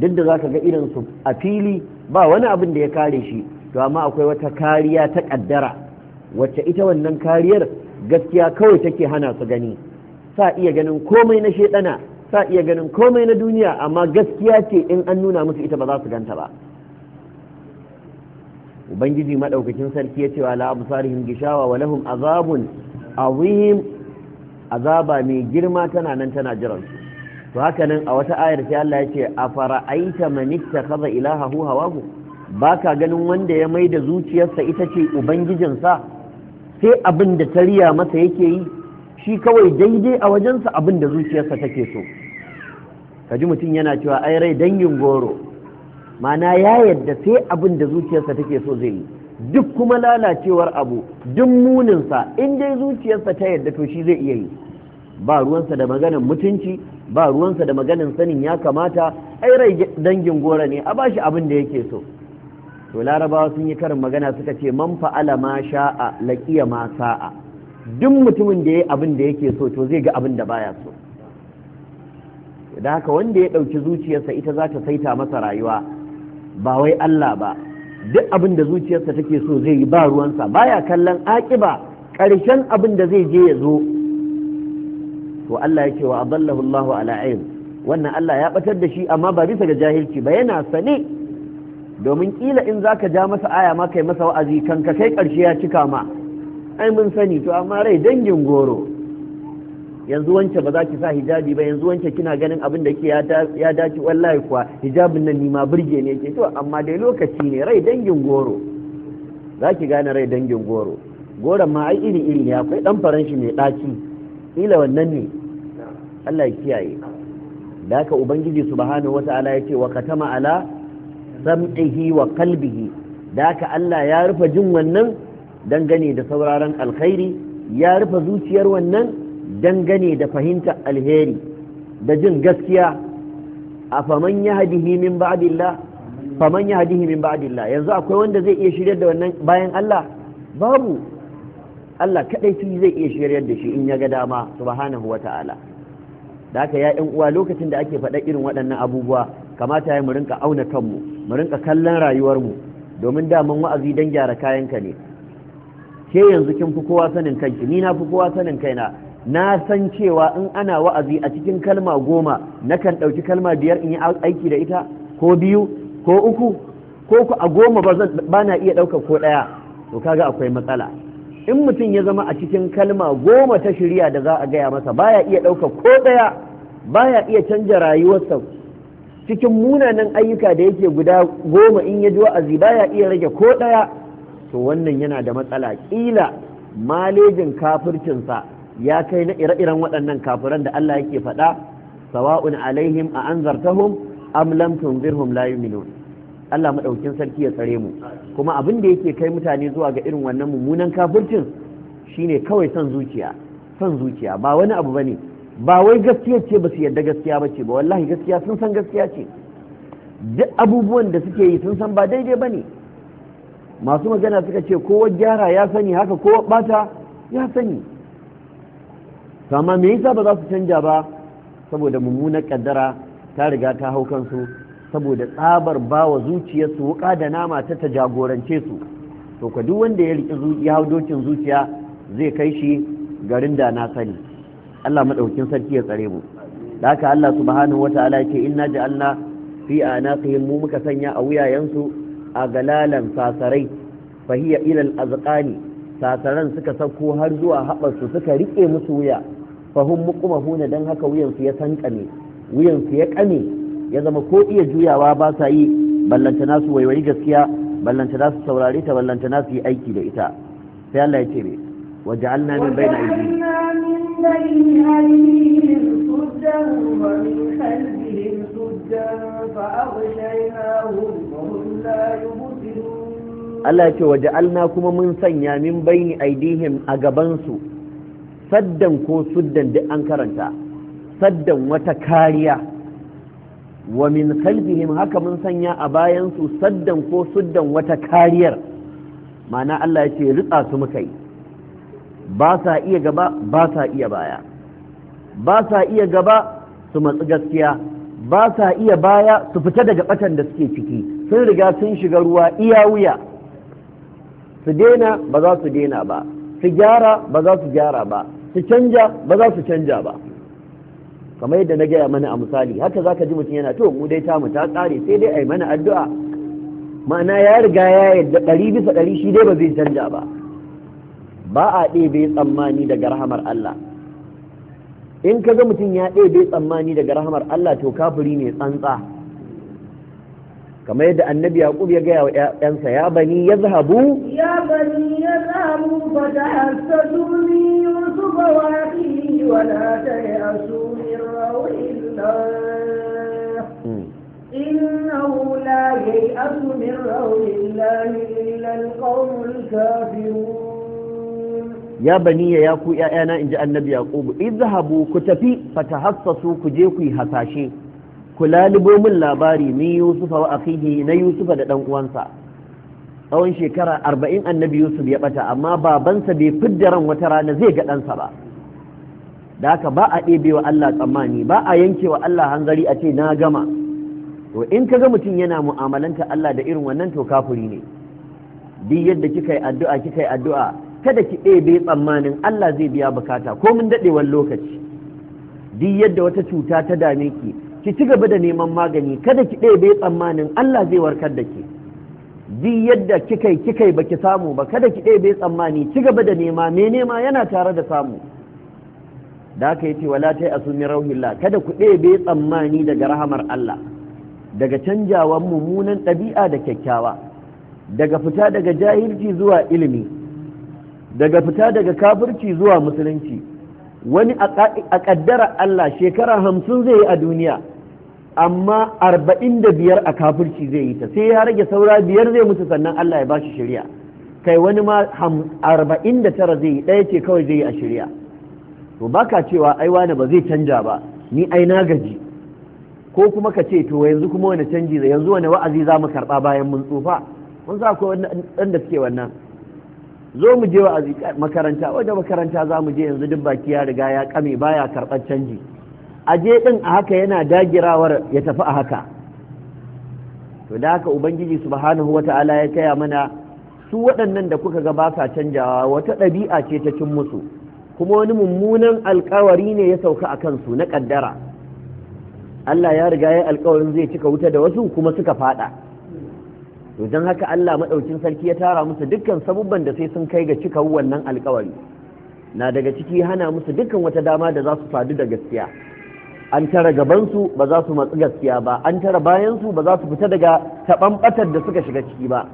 duk da zaka ga irin su a fili ba wani abin da ya kare shi to amma akwai wata kariya ta kaddara wacce ita wannan kariyar gaskiya kawai take hana su gani sa iya ganin komai na shedana sa iya ganin komai na duniya amma gaskiya ce in an nuna musu ita ba za su ganta ba ubangiji madaukakin sarki ya cewa la absarihim gishawa wa lahum azabun azim azaba mai girma tana nan tana jiran su to haka nan a wata ayar sai Allah ya ce a fara'aita man ittakhadha ilahahu hawahu baka ganin wanda ya maida zuciyarsa ita ce ubangijinsa sai abin da ta masa yake yi shi kawai daidai a wajensa abin da zuciyarsa take so Ka ji mutum yana cewa ai rai dangin goro mana ya yadda sai abin da zuciyarsa take so zai yi duk kuma lalacewar abu duk muninsa in dai zuciyarsa ta yadda to shi zai iya yi ba ruwansa da maganin mutunci ba ruwansa da maganin sanin ya kamata ai rai dangin goro ne a bashi abin da yake so to larabawa sun yi karin magana suka ce man fa'ala ma sha'a laqiya ma sa'a duk mutumin da ya yi abin da yake so to zai ga abin da baya so da haka wanda ya ɗauki zuciyarsa ita za ta saita masa rayuwa ba wai Allah ba duk abin da zuciyarsa take so zai yi ba ruwansa baya kallon aƙiba ƙarshen abin da zai je ya zo to Allah ya ce wa adallahu Allahu ala ilm wannan Allah ya batar da shi amma ba bisa ga jahilci ba yana sane domin kila in zaka ja masa aya ma kai masa wa'azi kan ka kai ƙarshe ya cika ma ai mun sani to amma rai dangin goro yanzu wance ba za ki sa hijabi ba yanzu wance kina ganin abin da ke ya dace wallahi kuwa hijabin nan nima burge ne ke to amma dai lokaci ne rai dangin goro za ki gane rai dangin goro goron ma ai iri iri ne akwai dan faranshi shi mai ɗaci ila wannan ne Allah ya kiyaye da haka ubangiji subhanahu wata'ala ya ce wa katama ala sam'ihi wa qalbihi da haka Allah ya rufe jin wannan dangane da sauraron alkhairi ya rufe zuciyar wannan dangane da fahimta alheri da jin gaskiya a faman yahdihi min ba'dillah faman min ba'dillah yanzu akwai wanda zai iya shiryar da wannan bayan Allah babu Allah kadai shi zai iya shiryar da shi in ya ga dama subhanahu wata'ala da haka ya yan uwa lokacin da ake faɗa irin waɗannan abubuwa kamata ya mu rinka auna kanmu mu rinka kallon rayuwarmu domin daman wa'azi don gyara kayanka ne ke yanzu kin fi kowa sanin kanki ni na fi kowa sanin kaina na san cewa in ana wa'azi a cikin kalma goma na kan ɗauki kalma biyar in yi aiki da ita ko biyu ko uku ko ku a goma ba na iya ɗaukar ko ɗaya to kaga akwai matsala in mutum ya zama a cikin kalma goma ta shirya da za a gaya masa baya iya ɗaukar ko ɗaya baya iya canja rayuwarsa cikin munanan ayyuka da yake guda goma in ya ji wa'azi baya iya rage ko ɗaya to wannan yana da matsala ƙila malejin kafircinsa ya kai na ire-iren waɗannan kafiran da Allah yake faɗa sawa'un alaihim a anzartahum am lam tunzirhum la yu'minun Allah madaukin sarki ya tsare mu kuma abin da yake kai mutane zuwa ga irin wannan mummunan kafircin shine kawai son zuciya son zuciya ba wani abu bane ba wai gaskiya ce ba su yarda gaskiya ba ce ba wallahi gaskiya sun san gaskiya ce duk abubuwan da suke yi sun san ba daidai bane ne masu magana suka ce kowa gyara ya sani haka kowa bata ya sani amma me yasa ba za su canja ba saboda mummunar kaddara ta riga ta hau kansu saboda tsabar ba wa zuciyarsu wuka da nama ta ta jagorance su to ka duk wanda ya riƙi ya hau dokin zuciya zai kai shi garin da na sani Allah maɗaukin sarki ya tsare mu da haka Allah subhanahu wataala ya ina inna ja'alna fi anaqihim mu muka sanya a wuyayensu agalalan sasarai fahiya ilal azqani sasaran suka sauko har zuwa haɓarsu suka riƙe musu wuya fahun muqmahuna dan haka wuyansu ya sankame wuyansu ya ƙame ya zama ko iya juyawa ba sa yi ballantana su waiwayi gaskiya ballantana su saurare ta ballantana su yi aiki da ita sai Allah ya ce وجعلنا من بين أيديهم ومن خلفهم Allah ce waje alna kuma mun sanya min baini aidihim a gabansu saddan ko suddan duk an karanta saddan wata kariya wa min khalfihim haka mun sanya a bayansu saddan ko suddan wata kariyar ma'ana Allah ya ce ritsa su muka yi ba sa iya gaba ba sa iya baya ba sa iya gaba su matsi gaskiya ba sa iya baya su fita daga ɓatan da suke ciki sun riga sun shiga ruwa iya wuya su daina ba za su daina ba su gyara ba za su gyara ba su canja ba za su canja ba kamar yadda na gaya mana a misali haka za ka ji mutum yana to mu dai ta mu ta tsare sai dai a yi mana addu'a ma'ana ya riga ya da ɗari bisa ɗari shi dai ba zai canja ba ba a ɗebe tsammani daga rahamar Allah in ka ga mutum ya ɗebe tsammani daga rahamar Allah to kafiri ne tsantsa kamar yadda annabi yaqub ya gaya wa ƴansa ya bani yazhabu ya bani yazhabu fa tahassasu min yusuf wa akhihi wa la tayasu min rawillah إنه لا ييأس من روح الله إلا القوم ya bani ya ku yayana inji annabi yaqub izhabu ku tafi fatahassasu ku je ku hasashe ku lalibo min labari min yusufa wa akhihi na yusufa da dan uwansa tsawon shekara arba'in annabi yusuf ya bata amma babansa bai fidda ran wata rana zai ga ɗansa ba da haka ba a ɗebe wa Allah tsammani ba a yanke wa Allah hanzari a ce na gama to in ka ga mutum yana mu'amalanta Allah da irin wannan to kafuri ne duk yadda kika yi addu'a kika yi addu'a kada ki ɗebe tsammanin Allah zai biya bukata ko mun daɗewar lokaci duk yadda wata cuta ta dame ki ki ci gaba da neman magani kada ki ɗebe tsammanin Allah zai warkar da ke. duk yadda kikai kikai baki samu ba kada ki ɗebe tsammani ci gaba da nema me nema yana tare da samu da aka yi ce wala ta yi asumi rauhillah kada ku ɗebe tsammani daga rahamar Allah daga canjawan mummunan ɗabi'a da kyakkyawa daga fita daga jahilci zuwa ilimi daga fita daga kafirci zuwa musulunci wani a kaddara Allah shekara hamsin zai yi a duniya amma arba'in da biyar a kafirci zai yi ta sai ya rage saura biyar zai mutu sannan Allah ya bashi shirya kai wani ma arba'in da tara zai yi ɗaya ce kawai zai yi a shirya to baka cewa ai wani ba zai canja ba ni ai na gaji ko kuma ka ce to yanzu kuma wani canji yanzu wani wa'azi za mu karɓa bayan mun tsufa mun sa akwai wanda suke wannan zo mu je wa makaranta wajen makaranta za mu je yanzu duk baki ya riga ya kame baya karɓar canji aje ɗin a haka yana dagirawar ya tafi a haka to da haka ubangiji subhanahu wata'ala ya taya mana su waɗannan da kuka ga ba sa canjawa wata ɗabi'a ce ta cin musu kuma wani mummunan alkawari ne ya sauka a kansu na ƙaddara Allah ya riga ya alkawarin zai cika wuta da wasu kuma suka faɗa to don haka Allah maɗaukin sarki ya tara musu dukkan sabubban da sai sun kai ga cika wannan alkawari na daga ciki hana musu dukkan wata dama da za su fadu da gaskiya an tara gabansu ba za su matsi gaskiya ba an tara bayansu ba za su fita daga taɓanɓatar da suka shiga ciki ba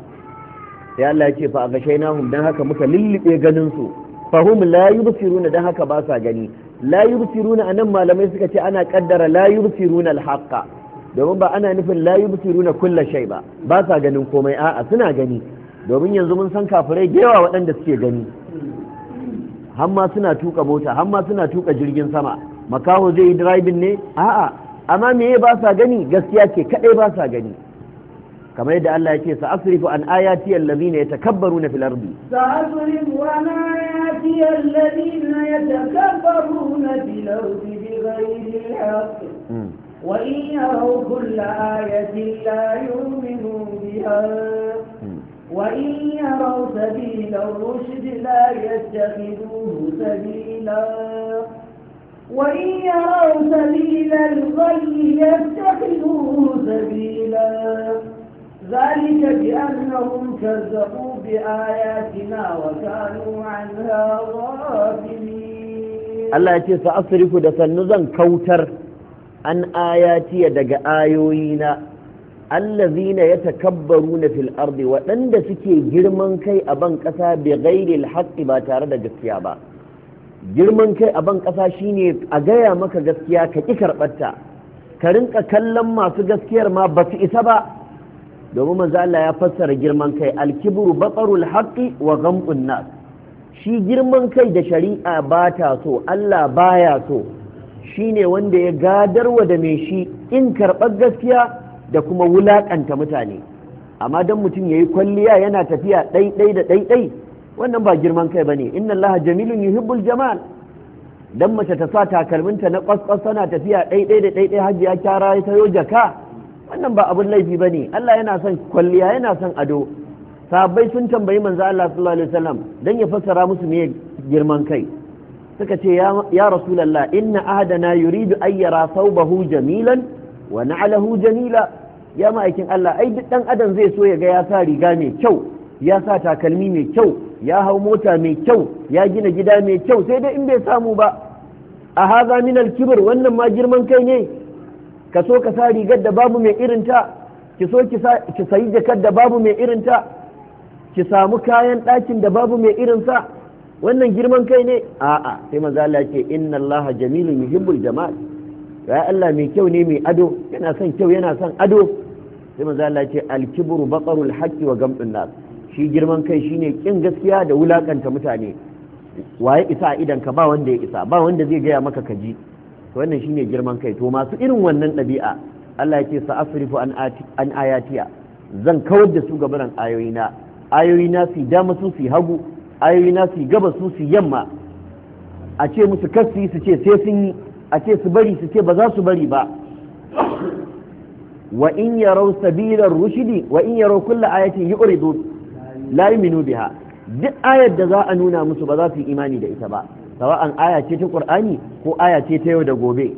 sai Allah ya ce fa aghshaynahum dan haka muka lullube ganin su fahum la yubsiruna dan haka ba sa gani la yubsiruna anan malamai suka ce ana kaddara la yubsiruna al-haqqa domin ba ana nufin la runa kulla shai ba ba sa ganin komai a'a suna gani domin yanzu mun san kafirai da yawa waɗanda suke gani hamma suna tuka mota hamma suna tuka jirgin sama makaho zai yi driving ne a'a amma meye ba sa gani gaskiya ke kadai ba sa gani kamar yadda Allah ya ce sa asrifu an ayati allazina yatakabbaruna fil ardi sa asrifu an ayati allazina yatakabbaruna fil ardi bighayri وإن يروا كل آية لا يؤمنوا بها وإن يروا سبيل الرشد لا يتخذوه سبيلا وإن يروا سبيل الغي يتخذوه سبيلا ذلك بأنهم كذبوا بآياتنا وكانوا عنها غافلين الله يتي سأصرف دفن نزن كوتر an ayatiya daga ayoyina allazina takabbaru na ardi waɗanda suke girman kai a ban ƙasa bi ghairi lhaƙi ba tare da gaskiya ba girman kai a ban ƙasa shine a gaya maka gaskiya ka ƙi karɓarta ka rinka kallon masu gaskiyar ma ba su isa ba domin manzo Allah ya fassara girman kai alkibru batarul haqqi wa ghamqun nas shi girman kai da shari'a ba ta so Allah baya so Shi ne wanda ya gadarwa da mai shi in karɓar gaskiya da kuma wulaƙanta mutane amma don mutum ya yi kwalliya yana tafiya ɗaiɗai da ɗaiɗai wannan ba girman kai ba ne inna allaha jamilun yuhibbul jamal dan mace ta sa takalminta na kwaskwas tana tafiya ɗaiɗai da ɗaiɗai hajji ya kyara ya tayo jaka wannan ba abin laifi ba ne allah yana son kwalliya yana son ado sahabbai sun tambayi manzo allah sallallahu alaihi wasallam dan ya fassara musu me girman kai suka ce ya rasulallah inna ahadana yuridu an yara thawbahu jamilan wa na'alahu jamila ya ma'aikin Allah ai duk dan adam zai so ya ga ya sa riga mai kyau ya sa takalmi mai kyau ya hau mota mai kyau ya gina gida mai kyau sai dai in bai samu ba a haza min alkibir wannan ma girman kai ne ka so ka sa rigar da babu mai irin ta ki so ki sayi jakar da babu mai irin ta ki samu kayan ɗakin da babu mai irin sa wannan girman kai ne a'a sai manzo Allah ce inna Allah jamilun yuhibbul jamal ya Allah mai kyau ne mai ado yana son kyau yana son ado sai manzo Allah ce al kibru baqarul haqqi wa gamdun nas shi girman kai shine kin gaskiya da wulakanta mutane waye isa idan ka ba wanda ya isa ba wanda zai gaya maka ka ji to wannan shine girman kai to masu irin wannan ɗabi'a Allah ya ce sa asrifu an an ayatiya zan kawar da su gaban ayoyina ayoyina su dama su su hagu ayoyi na su gaba su su yamma a ce musu kasi su ce sai sun yi a ce su bari su ce ba za su bari ba wa in yarau sabilar rushidi wa in yarau kulla ayatin yu'ridu la yu'minu biha duk ayar da za a nuna musu ba za su yi imani da ita ba sawa'an aya ce ta qur'ani ko aya ce ta yau da gobe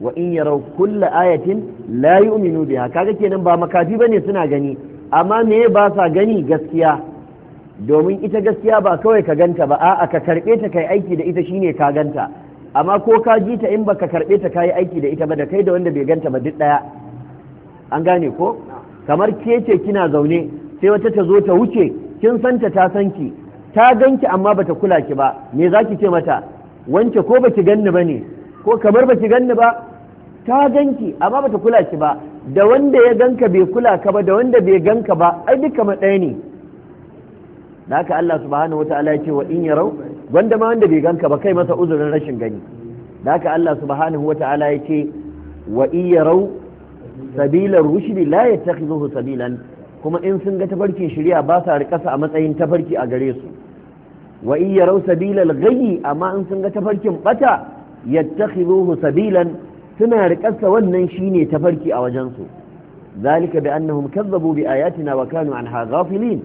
wa in yarau kulla ayatin la yu'minu biha kaga kenan ba makafi bane suna gani amma me ba sa gani gaskiya domin ita gaskiya ba kawai ka ganta ba a'a ka karɓe ta kai aiki da ita shine ka ganta amma ko ka ji ta in baka karɓe ta kayi aiki da ita ba da kai da wanda bai ganta ba duk ɗaya an gane ko kamar ke ce kina zaune sai wata ta zo ta wuce kin san ta ta san ki ta ganki amma bata kula ki ba me zaki ce mata wance ko baki ganni ba ne ko kamar baki ganni ba ta ganki amma bata kula ki ba da wanda ya ganka bai kula ka ba da wanda bai ganka ba ai duka ɗaya ne da haka Allah subhanahu wataala ya ce wa in yarau gwanda ma wanda bai ganka ba kai masa uzurin rashin gani da haka Allah subhanahu wataala ya ce wa in yarau sabilar rushdi la yattakhidhuhu sabilan kuma in sun ga tabarkin shari'a ba sa rika a matsayin tabarki a gare su wa in yarau sabilal ghayyi amma in sun ga tabarkin bata yattakhidhuhu sabilan suna rikasa wannan shine tafarki a wajensu zalika bi annahum kazzabu bi ayatina wa kanu anha ghafilin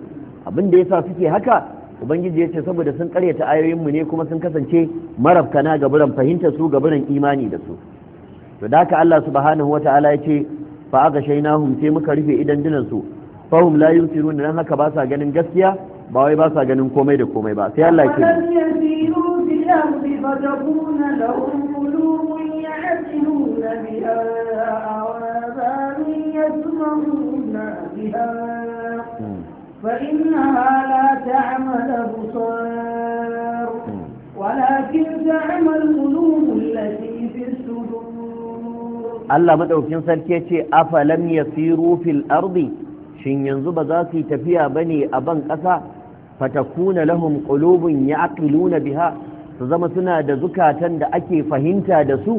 abin da yasa suke haka ubangiji ya ce saboda sun karyata ayoyin mu ne kuma sun kasance marafkana ga buran fahimta su ga buran imani da su to da haka Allah subhanahu wataala ya ce fa aka shainahum sai muka rufe idan dinan su hum la yusirun dan haka ba sa ganin gaskiya ba wai ba sa ganin komai da komai ba sai Allah ya Yeah. فإنها لا تعمى الأبصار ولكن تعمى القلوب التي في الصدور Allah madaukin sarki ce afalam yasiru fil ardi shin yanzu ba za su tafiya ne a ban ƙasa fatakuna lahum qulubun na biha su zama suna da zukatan da ake fahimta da su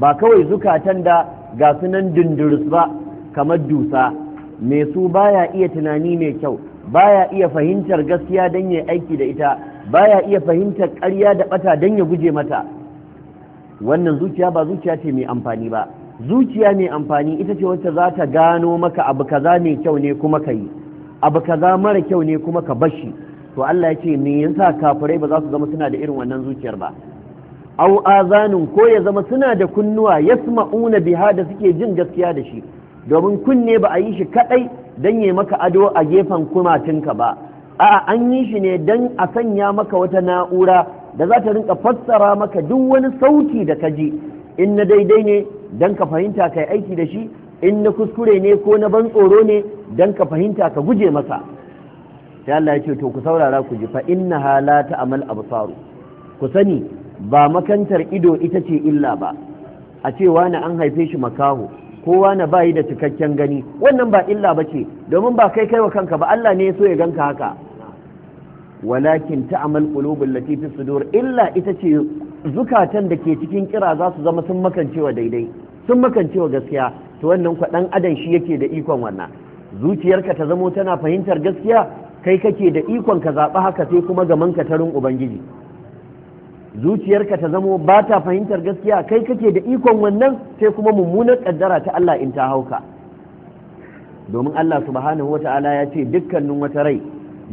ba kawai zukatan da ga sunan dindurus ba kamar dusa Me su baya iya tunani mai kyau baya iya fahimtar gaskiya don ya aiki da ita baya iya fahimtar ƙarya da ɓata don ya guje mata wannan zuciya ba zuciya ce mai amfani ba zuciya mai amfani ita ce wacce za ta gano maka abu kaza mai kyau ne kuma ka yi abu kaza mara kyau ne kuma ka bashi to Allah ya ce me yasa kafirai ba za su zama suna da irin wannan zuciyar ba au Azanun ko ya zama suna da kunnuwa yasma'una biha da suke jin gaskiya da shi domin kunne ba a yi shi kadai don yi maka ado a gefen kumatinka ba a an yi shi ne don a sanya maka wata na'ura da za ta rinka fassara maka duk wani sauti da ka ji in na daidai ne don ka fahimta ka yi aiki da shi in na kuskure ne ko na ban tsoro ne don ka fahimta ka guje masa sai Allah ya ce to ku saurara ku ji fa inna hala ta amal absaru ku sani ba makantar ido ita ce illa ba a cewa na an haife shi makaho kowa na bayi da cikakken gani wannan ba illa ba ce domin ba kai kai wa kanka ba Allah ne ya so ya ganka haka walakin ta'amal qulubul lati fi sudur illa ita ce zukatan da ke cikin kira za su zama sun makancewa daidai sun makancewa gaskiya to wannan kwa dan adam shi yake da ikon wannan zuciyarka ta zamo tana fahimtar gaskiya kai kake da ikon ka zaba haka sai kuma gamanka ka tarin ubangiji zuciyarka ta zamo ba ta fahimtar gaskiya kai kake da ikon wannan sai kuma mummunar kaddara ta Allah in ta hauka domin Allah subhanahu ta'ala ya ce dukkanin wata rai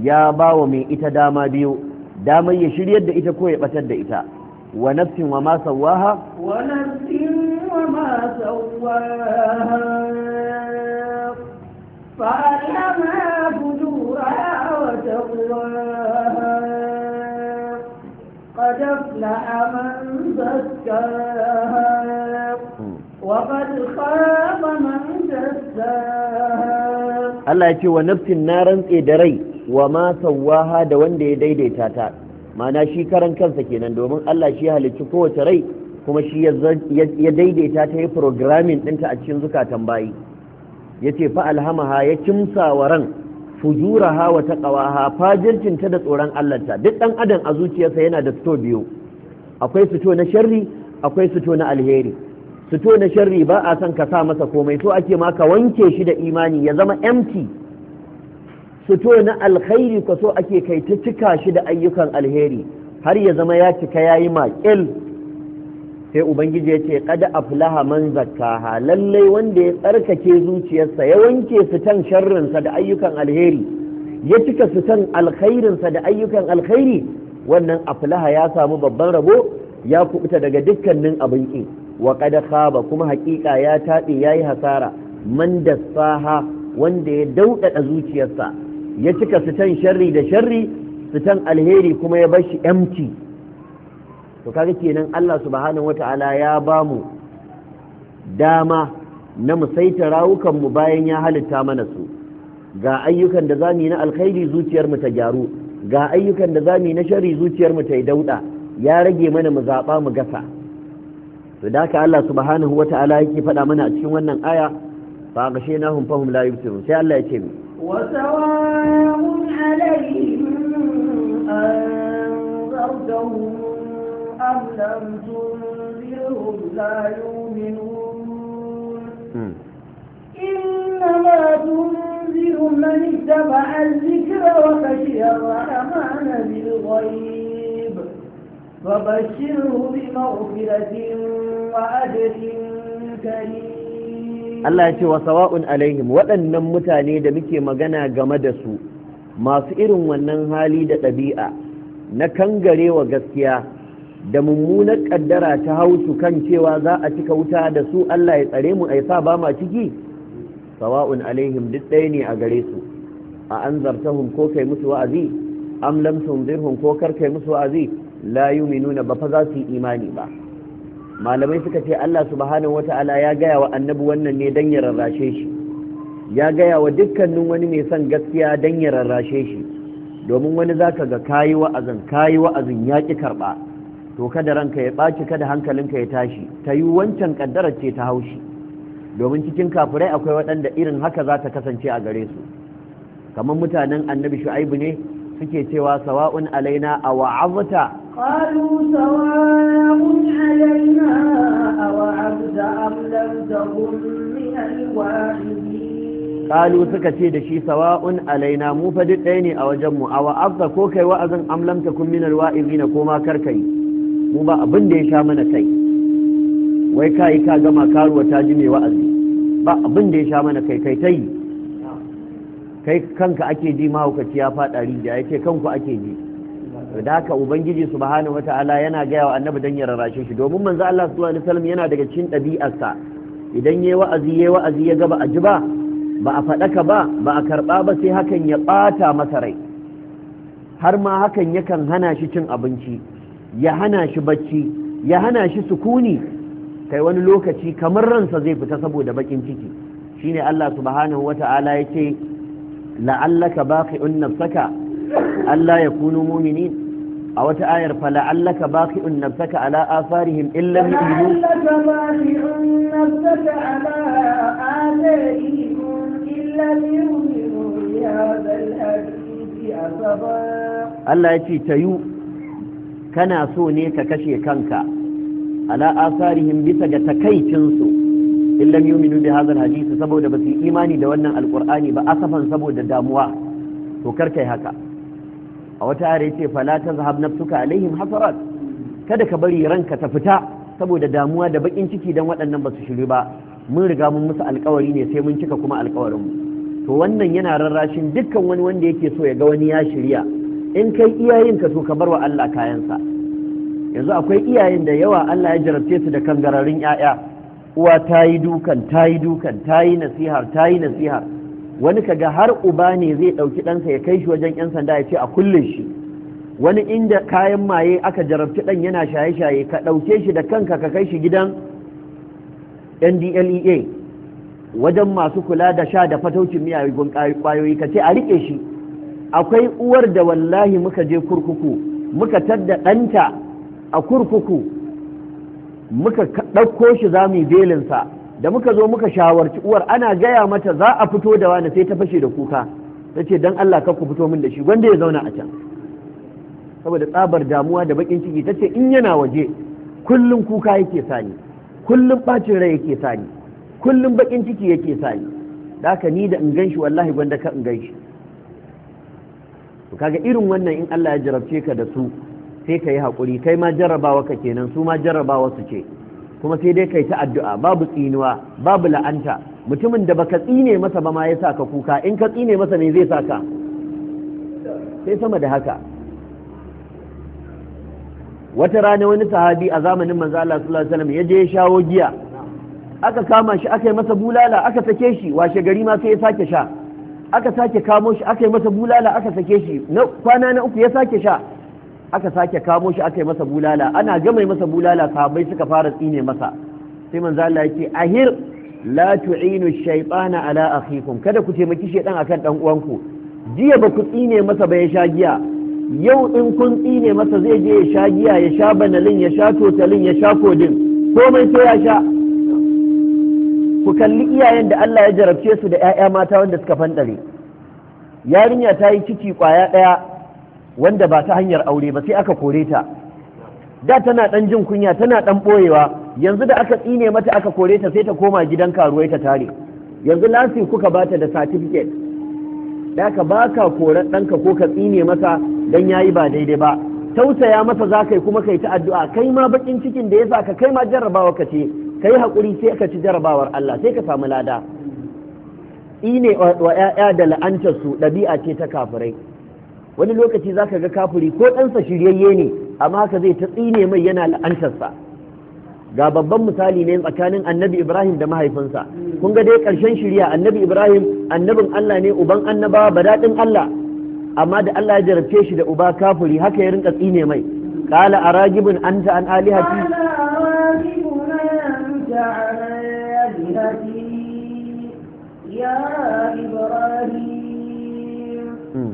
ya ba wa mai ita dama biyu damar ya shiryar da ita ko ya batar da ita wa nafsin wa ma sawaha wa nafsin wa ma sawaha fa alhamaha wa taqwaha قد أفلح من زكاها وقد خاب من دساها Allah ya ce wa إدري na rantse da wanda ya daidaita ta mana shi karan kansa kenan domin Allah shi ya halicci kowace rai kuma shi ya daidaita ta yi programming ɗinta a cikin zukatan bayi ya ce fa alhamaha ya kimsa wa ran fujuraha wa taqwaha fajircinta da tsoron Allah ta duk ɗan adam a zuciyarsa yana da fito biyu akwai fito na sharri akwai fito na alheri fito na sharri ba a son ka sa masa komai so ake ma ka wanke shi da imani ya zama empty fito na alkhairi ko so ake kai ta cika shi da ayyukan alheri har ya zama ya cika yayi maƙil sai ubangiji ya ce kada aflaha man zakkaha lallai wanda ya tsarkake zuciyarsa ya wanke fitan sharrinsa da ayyukan alheri ya cika fitan alkhairinsa da ayyukan alkhairi wannan aflaha ya samu babban rabo ya kubuta daga dukkanin abin ki wa kada khaba kuma hakika ya taɓe ya yi hasara man dassaha wanda ya dauɗaɗa zuciyarsa ya cika fitan sharri da sharri fitan alheri kuma ya bar shi empty to kaga kenan Allah subhanahu wata'ala ya ba mu dama na mu saita rawukanmu bayan ya halitta mana su ga ayyukan da zamu yi na alkhairi zuciyar mu ta gyaru ga ayyukan da zamu yi na shari zuciyar mu ta yi dauda ya rage mana mu zaba mu gasa to da haka Allah subhanahu wata'ala yake faɗa mana a cikin wannan aya fa hum fahum la yubtiru sai Allah ya ce mu وسواء عليهم أم لم تنذرهم لا يؤمنون إنما تنذر من اتبع الذكر وخشي الرحمن بالغيب فبشره بمغفرة وأجر كريم Allah ya ce wa sawa'un alaihim waɗannan mutane da muke magana game da su masu irin wannan hali da ɗabi'a na kangarewa gaskiya da mummunar kaddara ta hau su kan cewa za a cika wuta da su Allah ya tsare mu a sa ba ma ciki sawa'un alaihim duk ɗaya ne a gare su a an ko kai musu wa'azi am lam tunzirhum ko kar kai musu wa'azi la yu'minuna ba fa za su yi imani ba malamai suka ce Allah subhanahu wata'ala ya gaya wa annabi wannan ne dan ya rarrashe shi ya gaya wa dukkanin wani mai son gaskiya dan ya rarrashe shi domin wani zaka ga kayi wa'azin kayi wa'azin ya ki karba to kada ranka ya ɓaci kada hankalinka ya tashi ta yi wancan ƙaddarar ce ta haushi domin cikin kafirai akwai waɗanda irin haka za ta kasance a gare su kamar mutanen annabi shu'aibu ne suke cewa sawa'un alaina a wa'azuta qalu sawa'un alaina a wa'azta am lam takun al suka ce da shi sawa'un alaina mu faɗi ɗaya ne a wajenmu a wa'azta ko kai wa'azin amlanta kun takun min al ko ma karkai mu ba abin da ya sha mana kai wai ka yi ka gama karuwa ta ji mai wa'azi ba abin da ya sha mana kai kai ta yi kai kanka ake ji mahaukaci ya faɗa rijiya ya ce kanku ake ji da haka ubangiji subhanahu wata'ala yana gaya wa annabi dan ya rarrashe shi domin manzo Allah sallallahu alaihi wasallam yana daga cikin ɗabi'arsa idan yayi wa'azi yayi wa'azi ya gaba a ji ba ba a faɗaka ba ba a karɓa ba sai hakan ya ɓata masa rai har ma hakan yakan hana shi cin abinci ya hana shi bacci ya hana shi sukuni kai wani lokaci kamar ransa zai fita saboda bakin ciki shine Allah subhanahu wata'ala ce la'allaka baqi'un nafsaka ya kunu mu'minin a wata ayar fa la'allaka baqi'un nafsaka ala atharihim illa yu'minu la'allaka baqi'un nafsaka ala atharihim illa yu'minu ya Allah ya ce tayu. kana so ne ka kashe kanka ala asarihim bisa ga takaicinsu in lam yuminu bi hadha alhadith saboda ba su imani da wannan alqur'ani ba asafan saboda damuwa to kar kai haka a wata are yace fala tazhab nafsuka alaihim hasarat kada ka bari ranka ta fita saboda damuwa da bakin ciki dan waɗannan ba su shiru ba mun riga mun musu alkawari ne sai mun cika kuma alkawarin to wannan yana rarrashin dukkan wani wanda yake so ya ga wani ya shirya in kai iyayen ka to ka bar wa Allah kayansa yanzu akwai iyayen da yawa Allah ya jarabce su da kangararin 'ya'ya uwa ta yi dukan ta yi dukan ta yi nasihar ta yi nasihar wani kaga har uba ne zai ɗauki ɗansa ya kai shi wajen 'yan sanda ya ce a kulle shi wani inda kayan maye aka jarabci ɗan yana shaye-shaye ka ɗauke shi da kanka ka kai shi gidan ndlea wajen masu kula da sha da fataucin miyagun ƙwayoyi ka ce a riƙe shi akwai uwar da wallahi muka je kurkuku muka tadda ɗanta a kurkuku muka ɗauko shi za mu yi da muka zo muka shawarci uwar ana gaya mata za a fito da wani sai ta fashe da kuka ta ce don Allah ka ku fito min da shi gwanda ya zauna a can saboda tsabar damuwa da bakin ciki ta ce in yana waje kullum kuka yake sani kullum bacin rai yake sani kullum bakin ciki yake sani da haka ni da in ganshi wallahi gwanda ka in ganshi to kaga irin wannan in Allah ya jarabce ka da su sai ka yi haƙuri kai ma jarrabawa ka kenan su ma jarrabawa su ce kuma sai dai kai ta addu'a babu tsinuwa babu la'anta mutumin da baka tsine masa ba ma ya sa ka kuka in ka tsine masa me zai saka? ka sai sama da haka wata rana wani sahabi a zamanin manzo Allah sallallahu alaihi wasallam ya je ya shawo giya aka kama shi aka yi masa bulala aka sake shi washe gari ma sai ya sake sha aka sake kamo shi aka yi masa bulala aka sake shi na kwana na uku ya sake sha aka sake kamo shi aka yi masa bulala ana gama masa bulala sahabbai suka fara tsine masa sai manzo Allah yake ahir la tu'inu shaytana ala akhikum kada ku taimaki shaydan akan dan uwanku jiya ba ku tsine masa ba ya sha giya yau in kun tsine masa zai je ya sha giya ya sha banalin ya sha totalin ya sha kodin komai sai ya sha ku kalli iyayen da Allah ya jarabce su da 'ya'ya mata wanda suka fanɗare yarinya ta yi ciki kwaya ɗaya wanda ba ta hanyar aure ba sai aka kore ta da tana ɗan jin kunya tana ɗan ɓoyewa yanzu da aka tsine mata aka kore ta sai ta koma gidan karuwai ta tare yanzu lasi kuka ba ta da satifiket. da ka ba ka koren ɗanka ko ka tsine masa don ya yi ba daidai ba tausaya masa za ka yi kuma ka yi ta addu'a kai ma baƙin cikin da ya sa ka kai ma jarrabawa ka ce ka yi haƙuri sai ka ci jarabawar Allah sai ka samu lada ine wa 'ya'ya da la'antarsu ɗabi'a ce ta kafirai wani lokaci za ka ga kafiri ko ɗansa shiryayye ne amma haka zai ta tsine mai yana la'antarsa ga babban misali ne tsakanin annabi ibrahim da mahaifinsa kun ga dai ƙarshen shirya annabi ibrahim annabin allah ne uban annabawa daɗin allah amma da allah ya jarabce shi da uba kafiri haka ya rinka tsine mai Kala a ragibin anta an alihati إبراهيم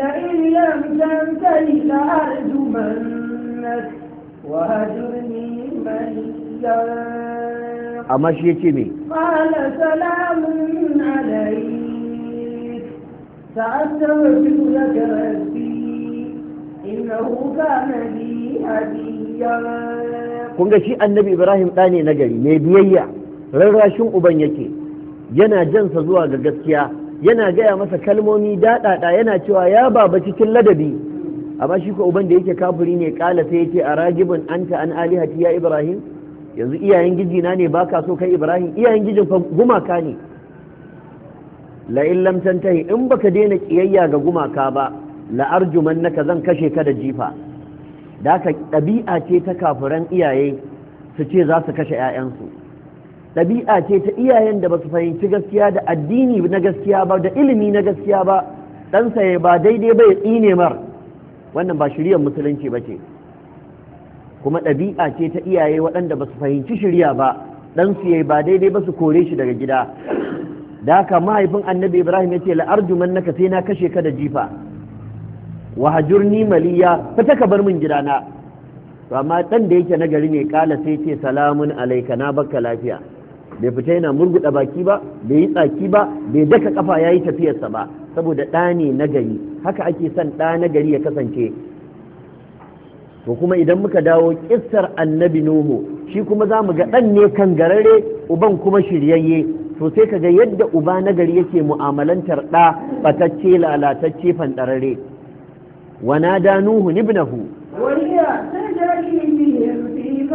لئن لم تنته لأرجمنك وهجرني أما قال سلام عليك سأستغفر لك ربي إنه كان هديا kun ga shi annabi ibrahim ɗane nagari na gari mai biyayya rarrashin uban yake yana jansa zuwa ga gaskiya yana gaya masa kalmomi daɗaɗa yana cewa ya baba cikin ladabi amma shi ko uban da yake kafiri ne kala sai yake a ragibin anta an alihati ya ibrahim yanzu iyayen gijina ne baka so kai ibrahim iyayen gijin fa gumaka ne la in lam tantahi in baka daina kiyayya ga gumaka ba la naka zan kashe ka da jifa da ka ɗabi'a ce ta kafiran iyaye su ce za su kashe 'ya'yansu ɗabi'a ce ta iyayen da ba su fahimci gaskiya da addini na gaskiya ba da ilimi na gaskiya ba ɗansa ya ba daidai ba ya tsine mar wannan ba shirya musulunci ba ce kuma ɗabi'a ce ta iyaye waɗanda ba su fahimci shirya ba ɗansu ya ba daidai ba su kore shi daga gida da haka mahaifin annabi ibrahim ya ce la'arjuman ka sai na kashe ka da jifa wa ni maliya fita ka bar min gidana na amma ɗan da yake nagari ne kala sai ce salamun alaika na bakka lafiya bai fita yana murguda baki ba bai yi tsaki ba bai daka kafa yayi tafiyarsa ba saboda ɗa ne na gari haka ake son ɗa na gari ya kasance to kuma idan muka dawo kissar annabi nuhu shi kuma za mu ga ɗan ne kan gararre uban kuma shiryayye to sai ka ga yadda uba na gari yake mu'amalantar ɗa batacce lalatacce fanɗarare wana da nuhu ibnahu وهي تجري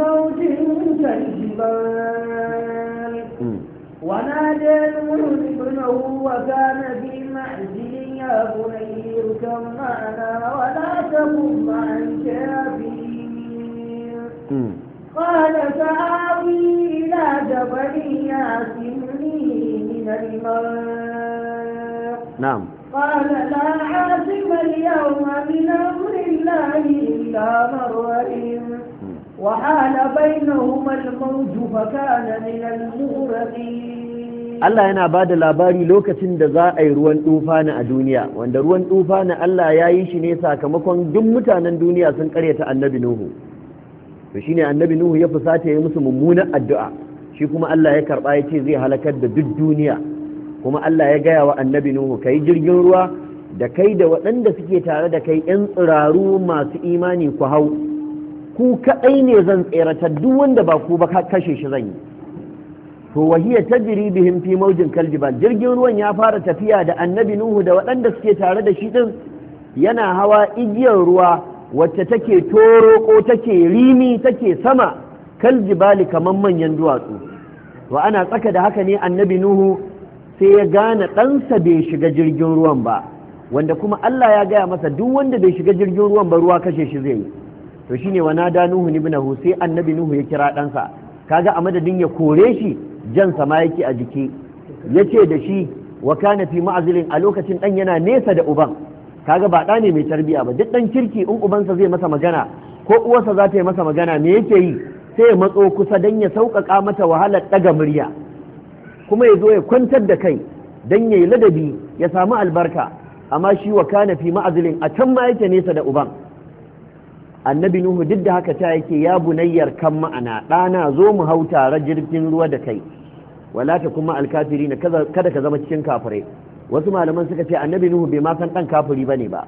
ba. ونادى نوح ابنه وكان في معزل يا بني اركب معنا ولا تكن مع الكافرين قال سآوي إلى جبل يعصمني من الماء نعم قال لا عاصم اليوم من أمر الله إلا من رحم وحال بينهما الموج فكان من المغرقين Allah yana ba da labari lokacin da za a yi ruwan tufana a duniya wanda ruwan na Allah ya yi shi ne sakamakon duk mutanen duniya sun karyata annabi Nuhu to shine annabi Nuhu ya fusata ya musu mummunan addu'a shi kuma Allah ya karba ya ce zai halakar da duk duniya kuma Allah ya gaya wa annabi Nuhu kai jirgin ruwa da kai da waɗanda suke tare da kai 'yan tsiraru masu imani ku hau ku kaɗai ne zan tseratar duk wanda ba ku ba kashe shi zan yi to wahiya tajri bihim fi mawjin kaljibal jirgin ruwan ya fara tafiya da annabi nuhu da waɗanda suke tare da shi din yana hawa igiyar ruwa wacce take toro ko take rimi take sama kaljibali kamar manyan duwatsu wa ana tsaka da haka ne annabi nuhu sai ya gane ɗansa bai shiga jirgin ruwan ba wanda kuma Allah ya gaya masa duk wanda bai shiga jirgin ruwan ba ruwa kashe shi zai yi to shi ne wa da nuhu binahu sai annabi nuhu ya kira ɗansa kaga a madadin ya kore shi jan sama yake a jiki Ya ce da shi wa kana fi ma'azilin a lokacin ɗan yana nesa da uban kaga ba ɗa ne mai tarbiyya ba duk ɗan kirki in ubansa zai masa magana ko uwarsa za ta yi masa magana me yake yi sai ya matso kusa dan ya sauƙaƙa mata wahalar ɗaga murya kuma ya zo ya kwantar da kai dan ya yi ladabi ya samu albarka amma shi wa kana fi ma'azilin a can ma yake nesa da uban annabi nuhu duk da haka ta yake ya bunayyar kan ma'ana ɗana zo mu hau tare jirgin ruwa da kai wala ta kuma alkafiri na kada ka zama cikin kafirai wasu malaman suka ce annabi nuhu bai ma san ɗan kafiri ne ba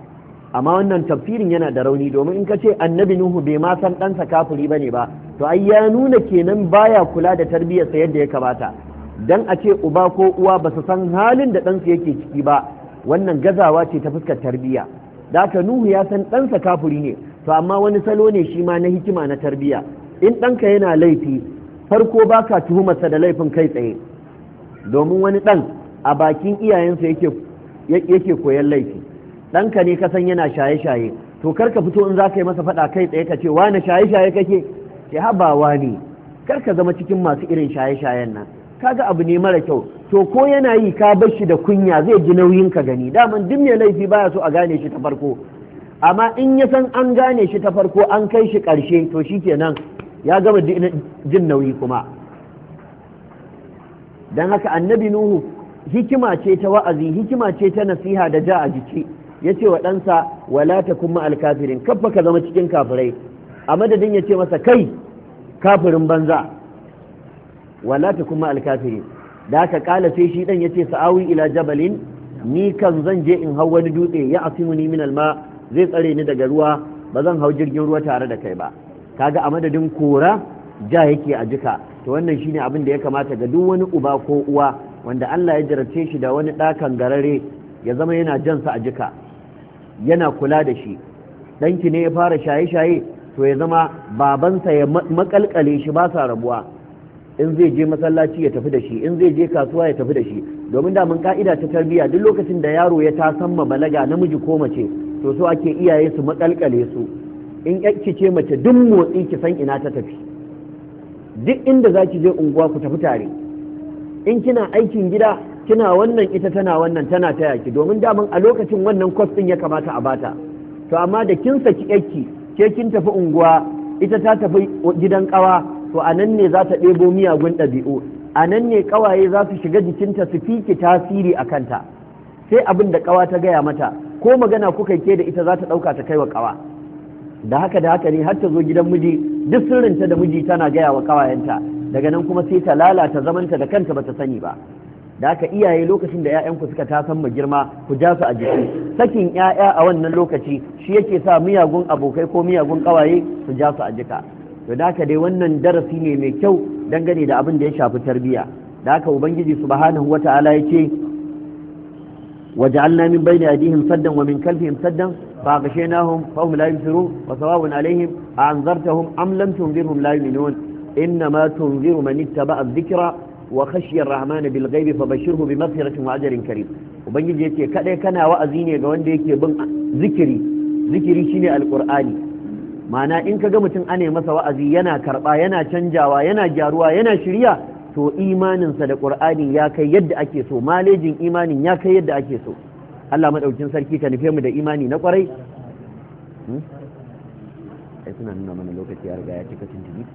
amma wannan tafsirin yana da rauni domin in ka ce annabi nuhu bai ma san ɗansa kafiri bane ba to ai ya nuna kenan baya kula da tarbiyyarsa yadda ya kamata dan a ce uba ko uwa ba su san halin da ɗansu yake ciki ba wannan gazawa ce ta fuskar tarbiyya da nuhu ya san ɗansa kafiri ne to amma wani salo ne shi ma na hikima na tarbiya in ɗanka yana laifi farko ba ka tuhumarsa da laifin kai tsaye domin wani ɗan a bakin iyayensa yake koyan laifi ɗanka ne kasan yana shaye-shaye to kar ka fito in za ka yi masa faɗa kai tsaye ka ce wani shaye-shaye kake ke?" habawa ne kar ka zama cikin masu irin shaye-shayen nan kaga abu ne mara kyau to ko yana yi ka bar shi da kunya zai ji nauyin ka gani daman duk mai laifi baya so a gane shi ta farko amma in ya san an gane shi ta farko an kai shi ƙarshe to shi kenan ya gama jin nauyi kuma don haka annabi nuhu hikima ce ta wa'azi hikima ce ta nasiha da ja a jiki ya ce wa ɗansa wala kuma alkafirin kafa ka zama cikin kafirai a madadin ya ce masa kai kafirin banza wala ta kuma alkafirin da haka kala sai shi ɗan ya ce sa'awi ila jabalin ni kan zan je in hau wani dutse ya asimuni min alma zai tsare ni daga ruwa ba zan hau jirgin ruwa tare da kai ba kaga a madadin kora ja yake a jika to wannan shine abin da ya kamata ga duk wani uba ko uwa wanda Allah ya jarace shi da wani ɗakan garare ya zama yana jan jansa a jika yana kula da shi ɗanki ne ya fara shaye-shaye to ya zama babansa ya makalkale shi ba sa rabuwa in zai je masallaci ya tafi da shi in zai je kasuwa ya tafi da shi domin da mun ka'ida ta tarbiyya duk lokacin da yaro ya tasamma balaga namiji ko mace to so ake iyaye su makalkale su in ki ce mace duk motsi ki san ina ta tafi duk inda za ki je unguwa ku tafi tare in kina aikin gida kina wannan ita tana wannan tana taya ki domin daman a lokacin wannan kwas din ya kamata a bata to amma da kin saki yakki ke kin tafi unguwa ita ta tafi gidan kawa to a nan ne za ta ɗebo miyagun ɗabi'u a nan ne kawaye za su shiga jikinta su fiki tasiri a kanta sai abin da kawa ta gaya mata ko magana kuka ke da ita za ta ɗauka ta kai wa ƙawa da haka da haka ne har ta zo gidan miji duk sirrinta da miji tana gaya wa ƙawayenta daga nan kuma sai ta lalata zamanta da kanta bata sani ba da haka iyaye lokacin da 'ya'yanku suka tasan mu girma ku ja su a jiki sakin 'ya'ya a wannan lokaci shi yake sa miyagun abokai ko miyagun ƙawaye su ja su a jika to da haka dai wannan darasi ne mai kyau dangane da abin da ya shafi tarbiyya da haka ubangiji subhanahu wata'ala ya ce وجعلنا من بين أيديهم سدا ومن خلفهم سدا فأغشيناهم فهم لا يبصرون وسواء عليهم أأنذرتهم أم لم تنذرهم لا يؤمنون إنما تنذر من اتبع الذكر وخشي الرحمن بالغيب فبشره بمغفرة وأجر كريم وبنجي يتي كدai kana wa'azi ne ga wanda yake bin zikiri zikiri shine alqur'ani ma'ana in kaga mutum ane masa wa'azi yana karba yana canjawa yana gyaruwa yana shiriya to imaninsa da ƙur'ani ya kai yadda ake so malejin imanin ya kai yadda ake so Allah maɗaukin sarki ka nufe mu da imani na ƙwarai hmm? ai suna nuna mana lokaci ya riga ya cika tuntuni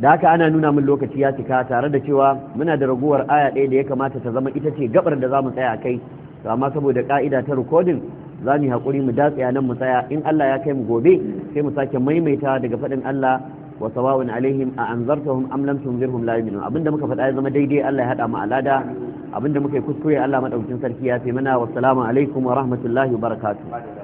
da haka ana nuna min lokaci ya cika tare da cewa muna da ragowar aya ɗaya da ya kamata ta zama ita ce gabar da za mu tsaya a kai to amma saboda ka'ida ta rikodin za mu yi haƙuri mu datse nan mu tsaya in Allah ya kai mu gobe sai mu sake maimaita daga faɗin Allah wa sawa'un alaihim a anzartahum am lam tunzirhum la yu'minun abinda muka faɗa ya zama daidai Allah ya hada mu alada abinda muka yi kuskure Allah madaukakin sarki ya fi mana wa assalamu alaikum wa rahmatullahi wa barakatuh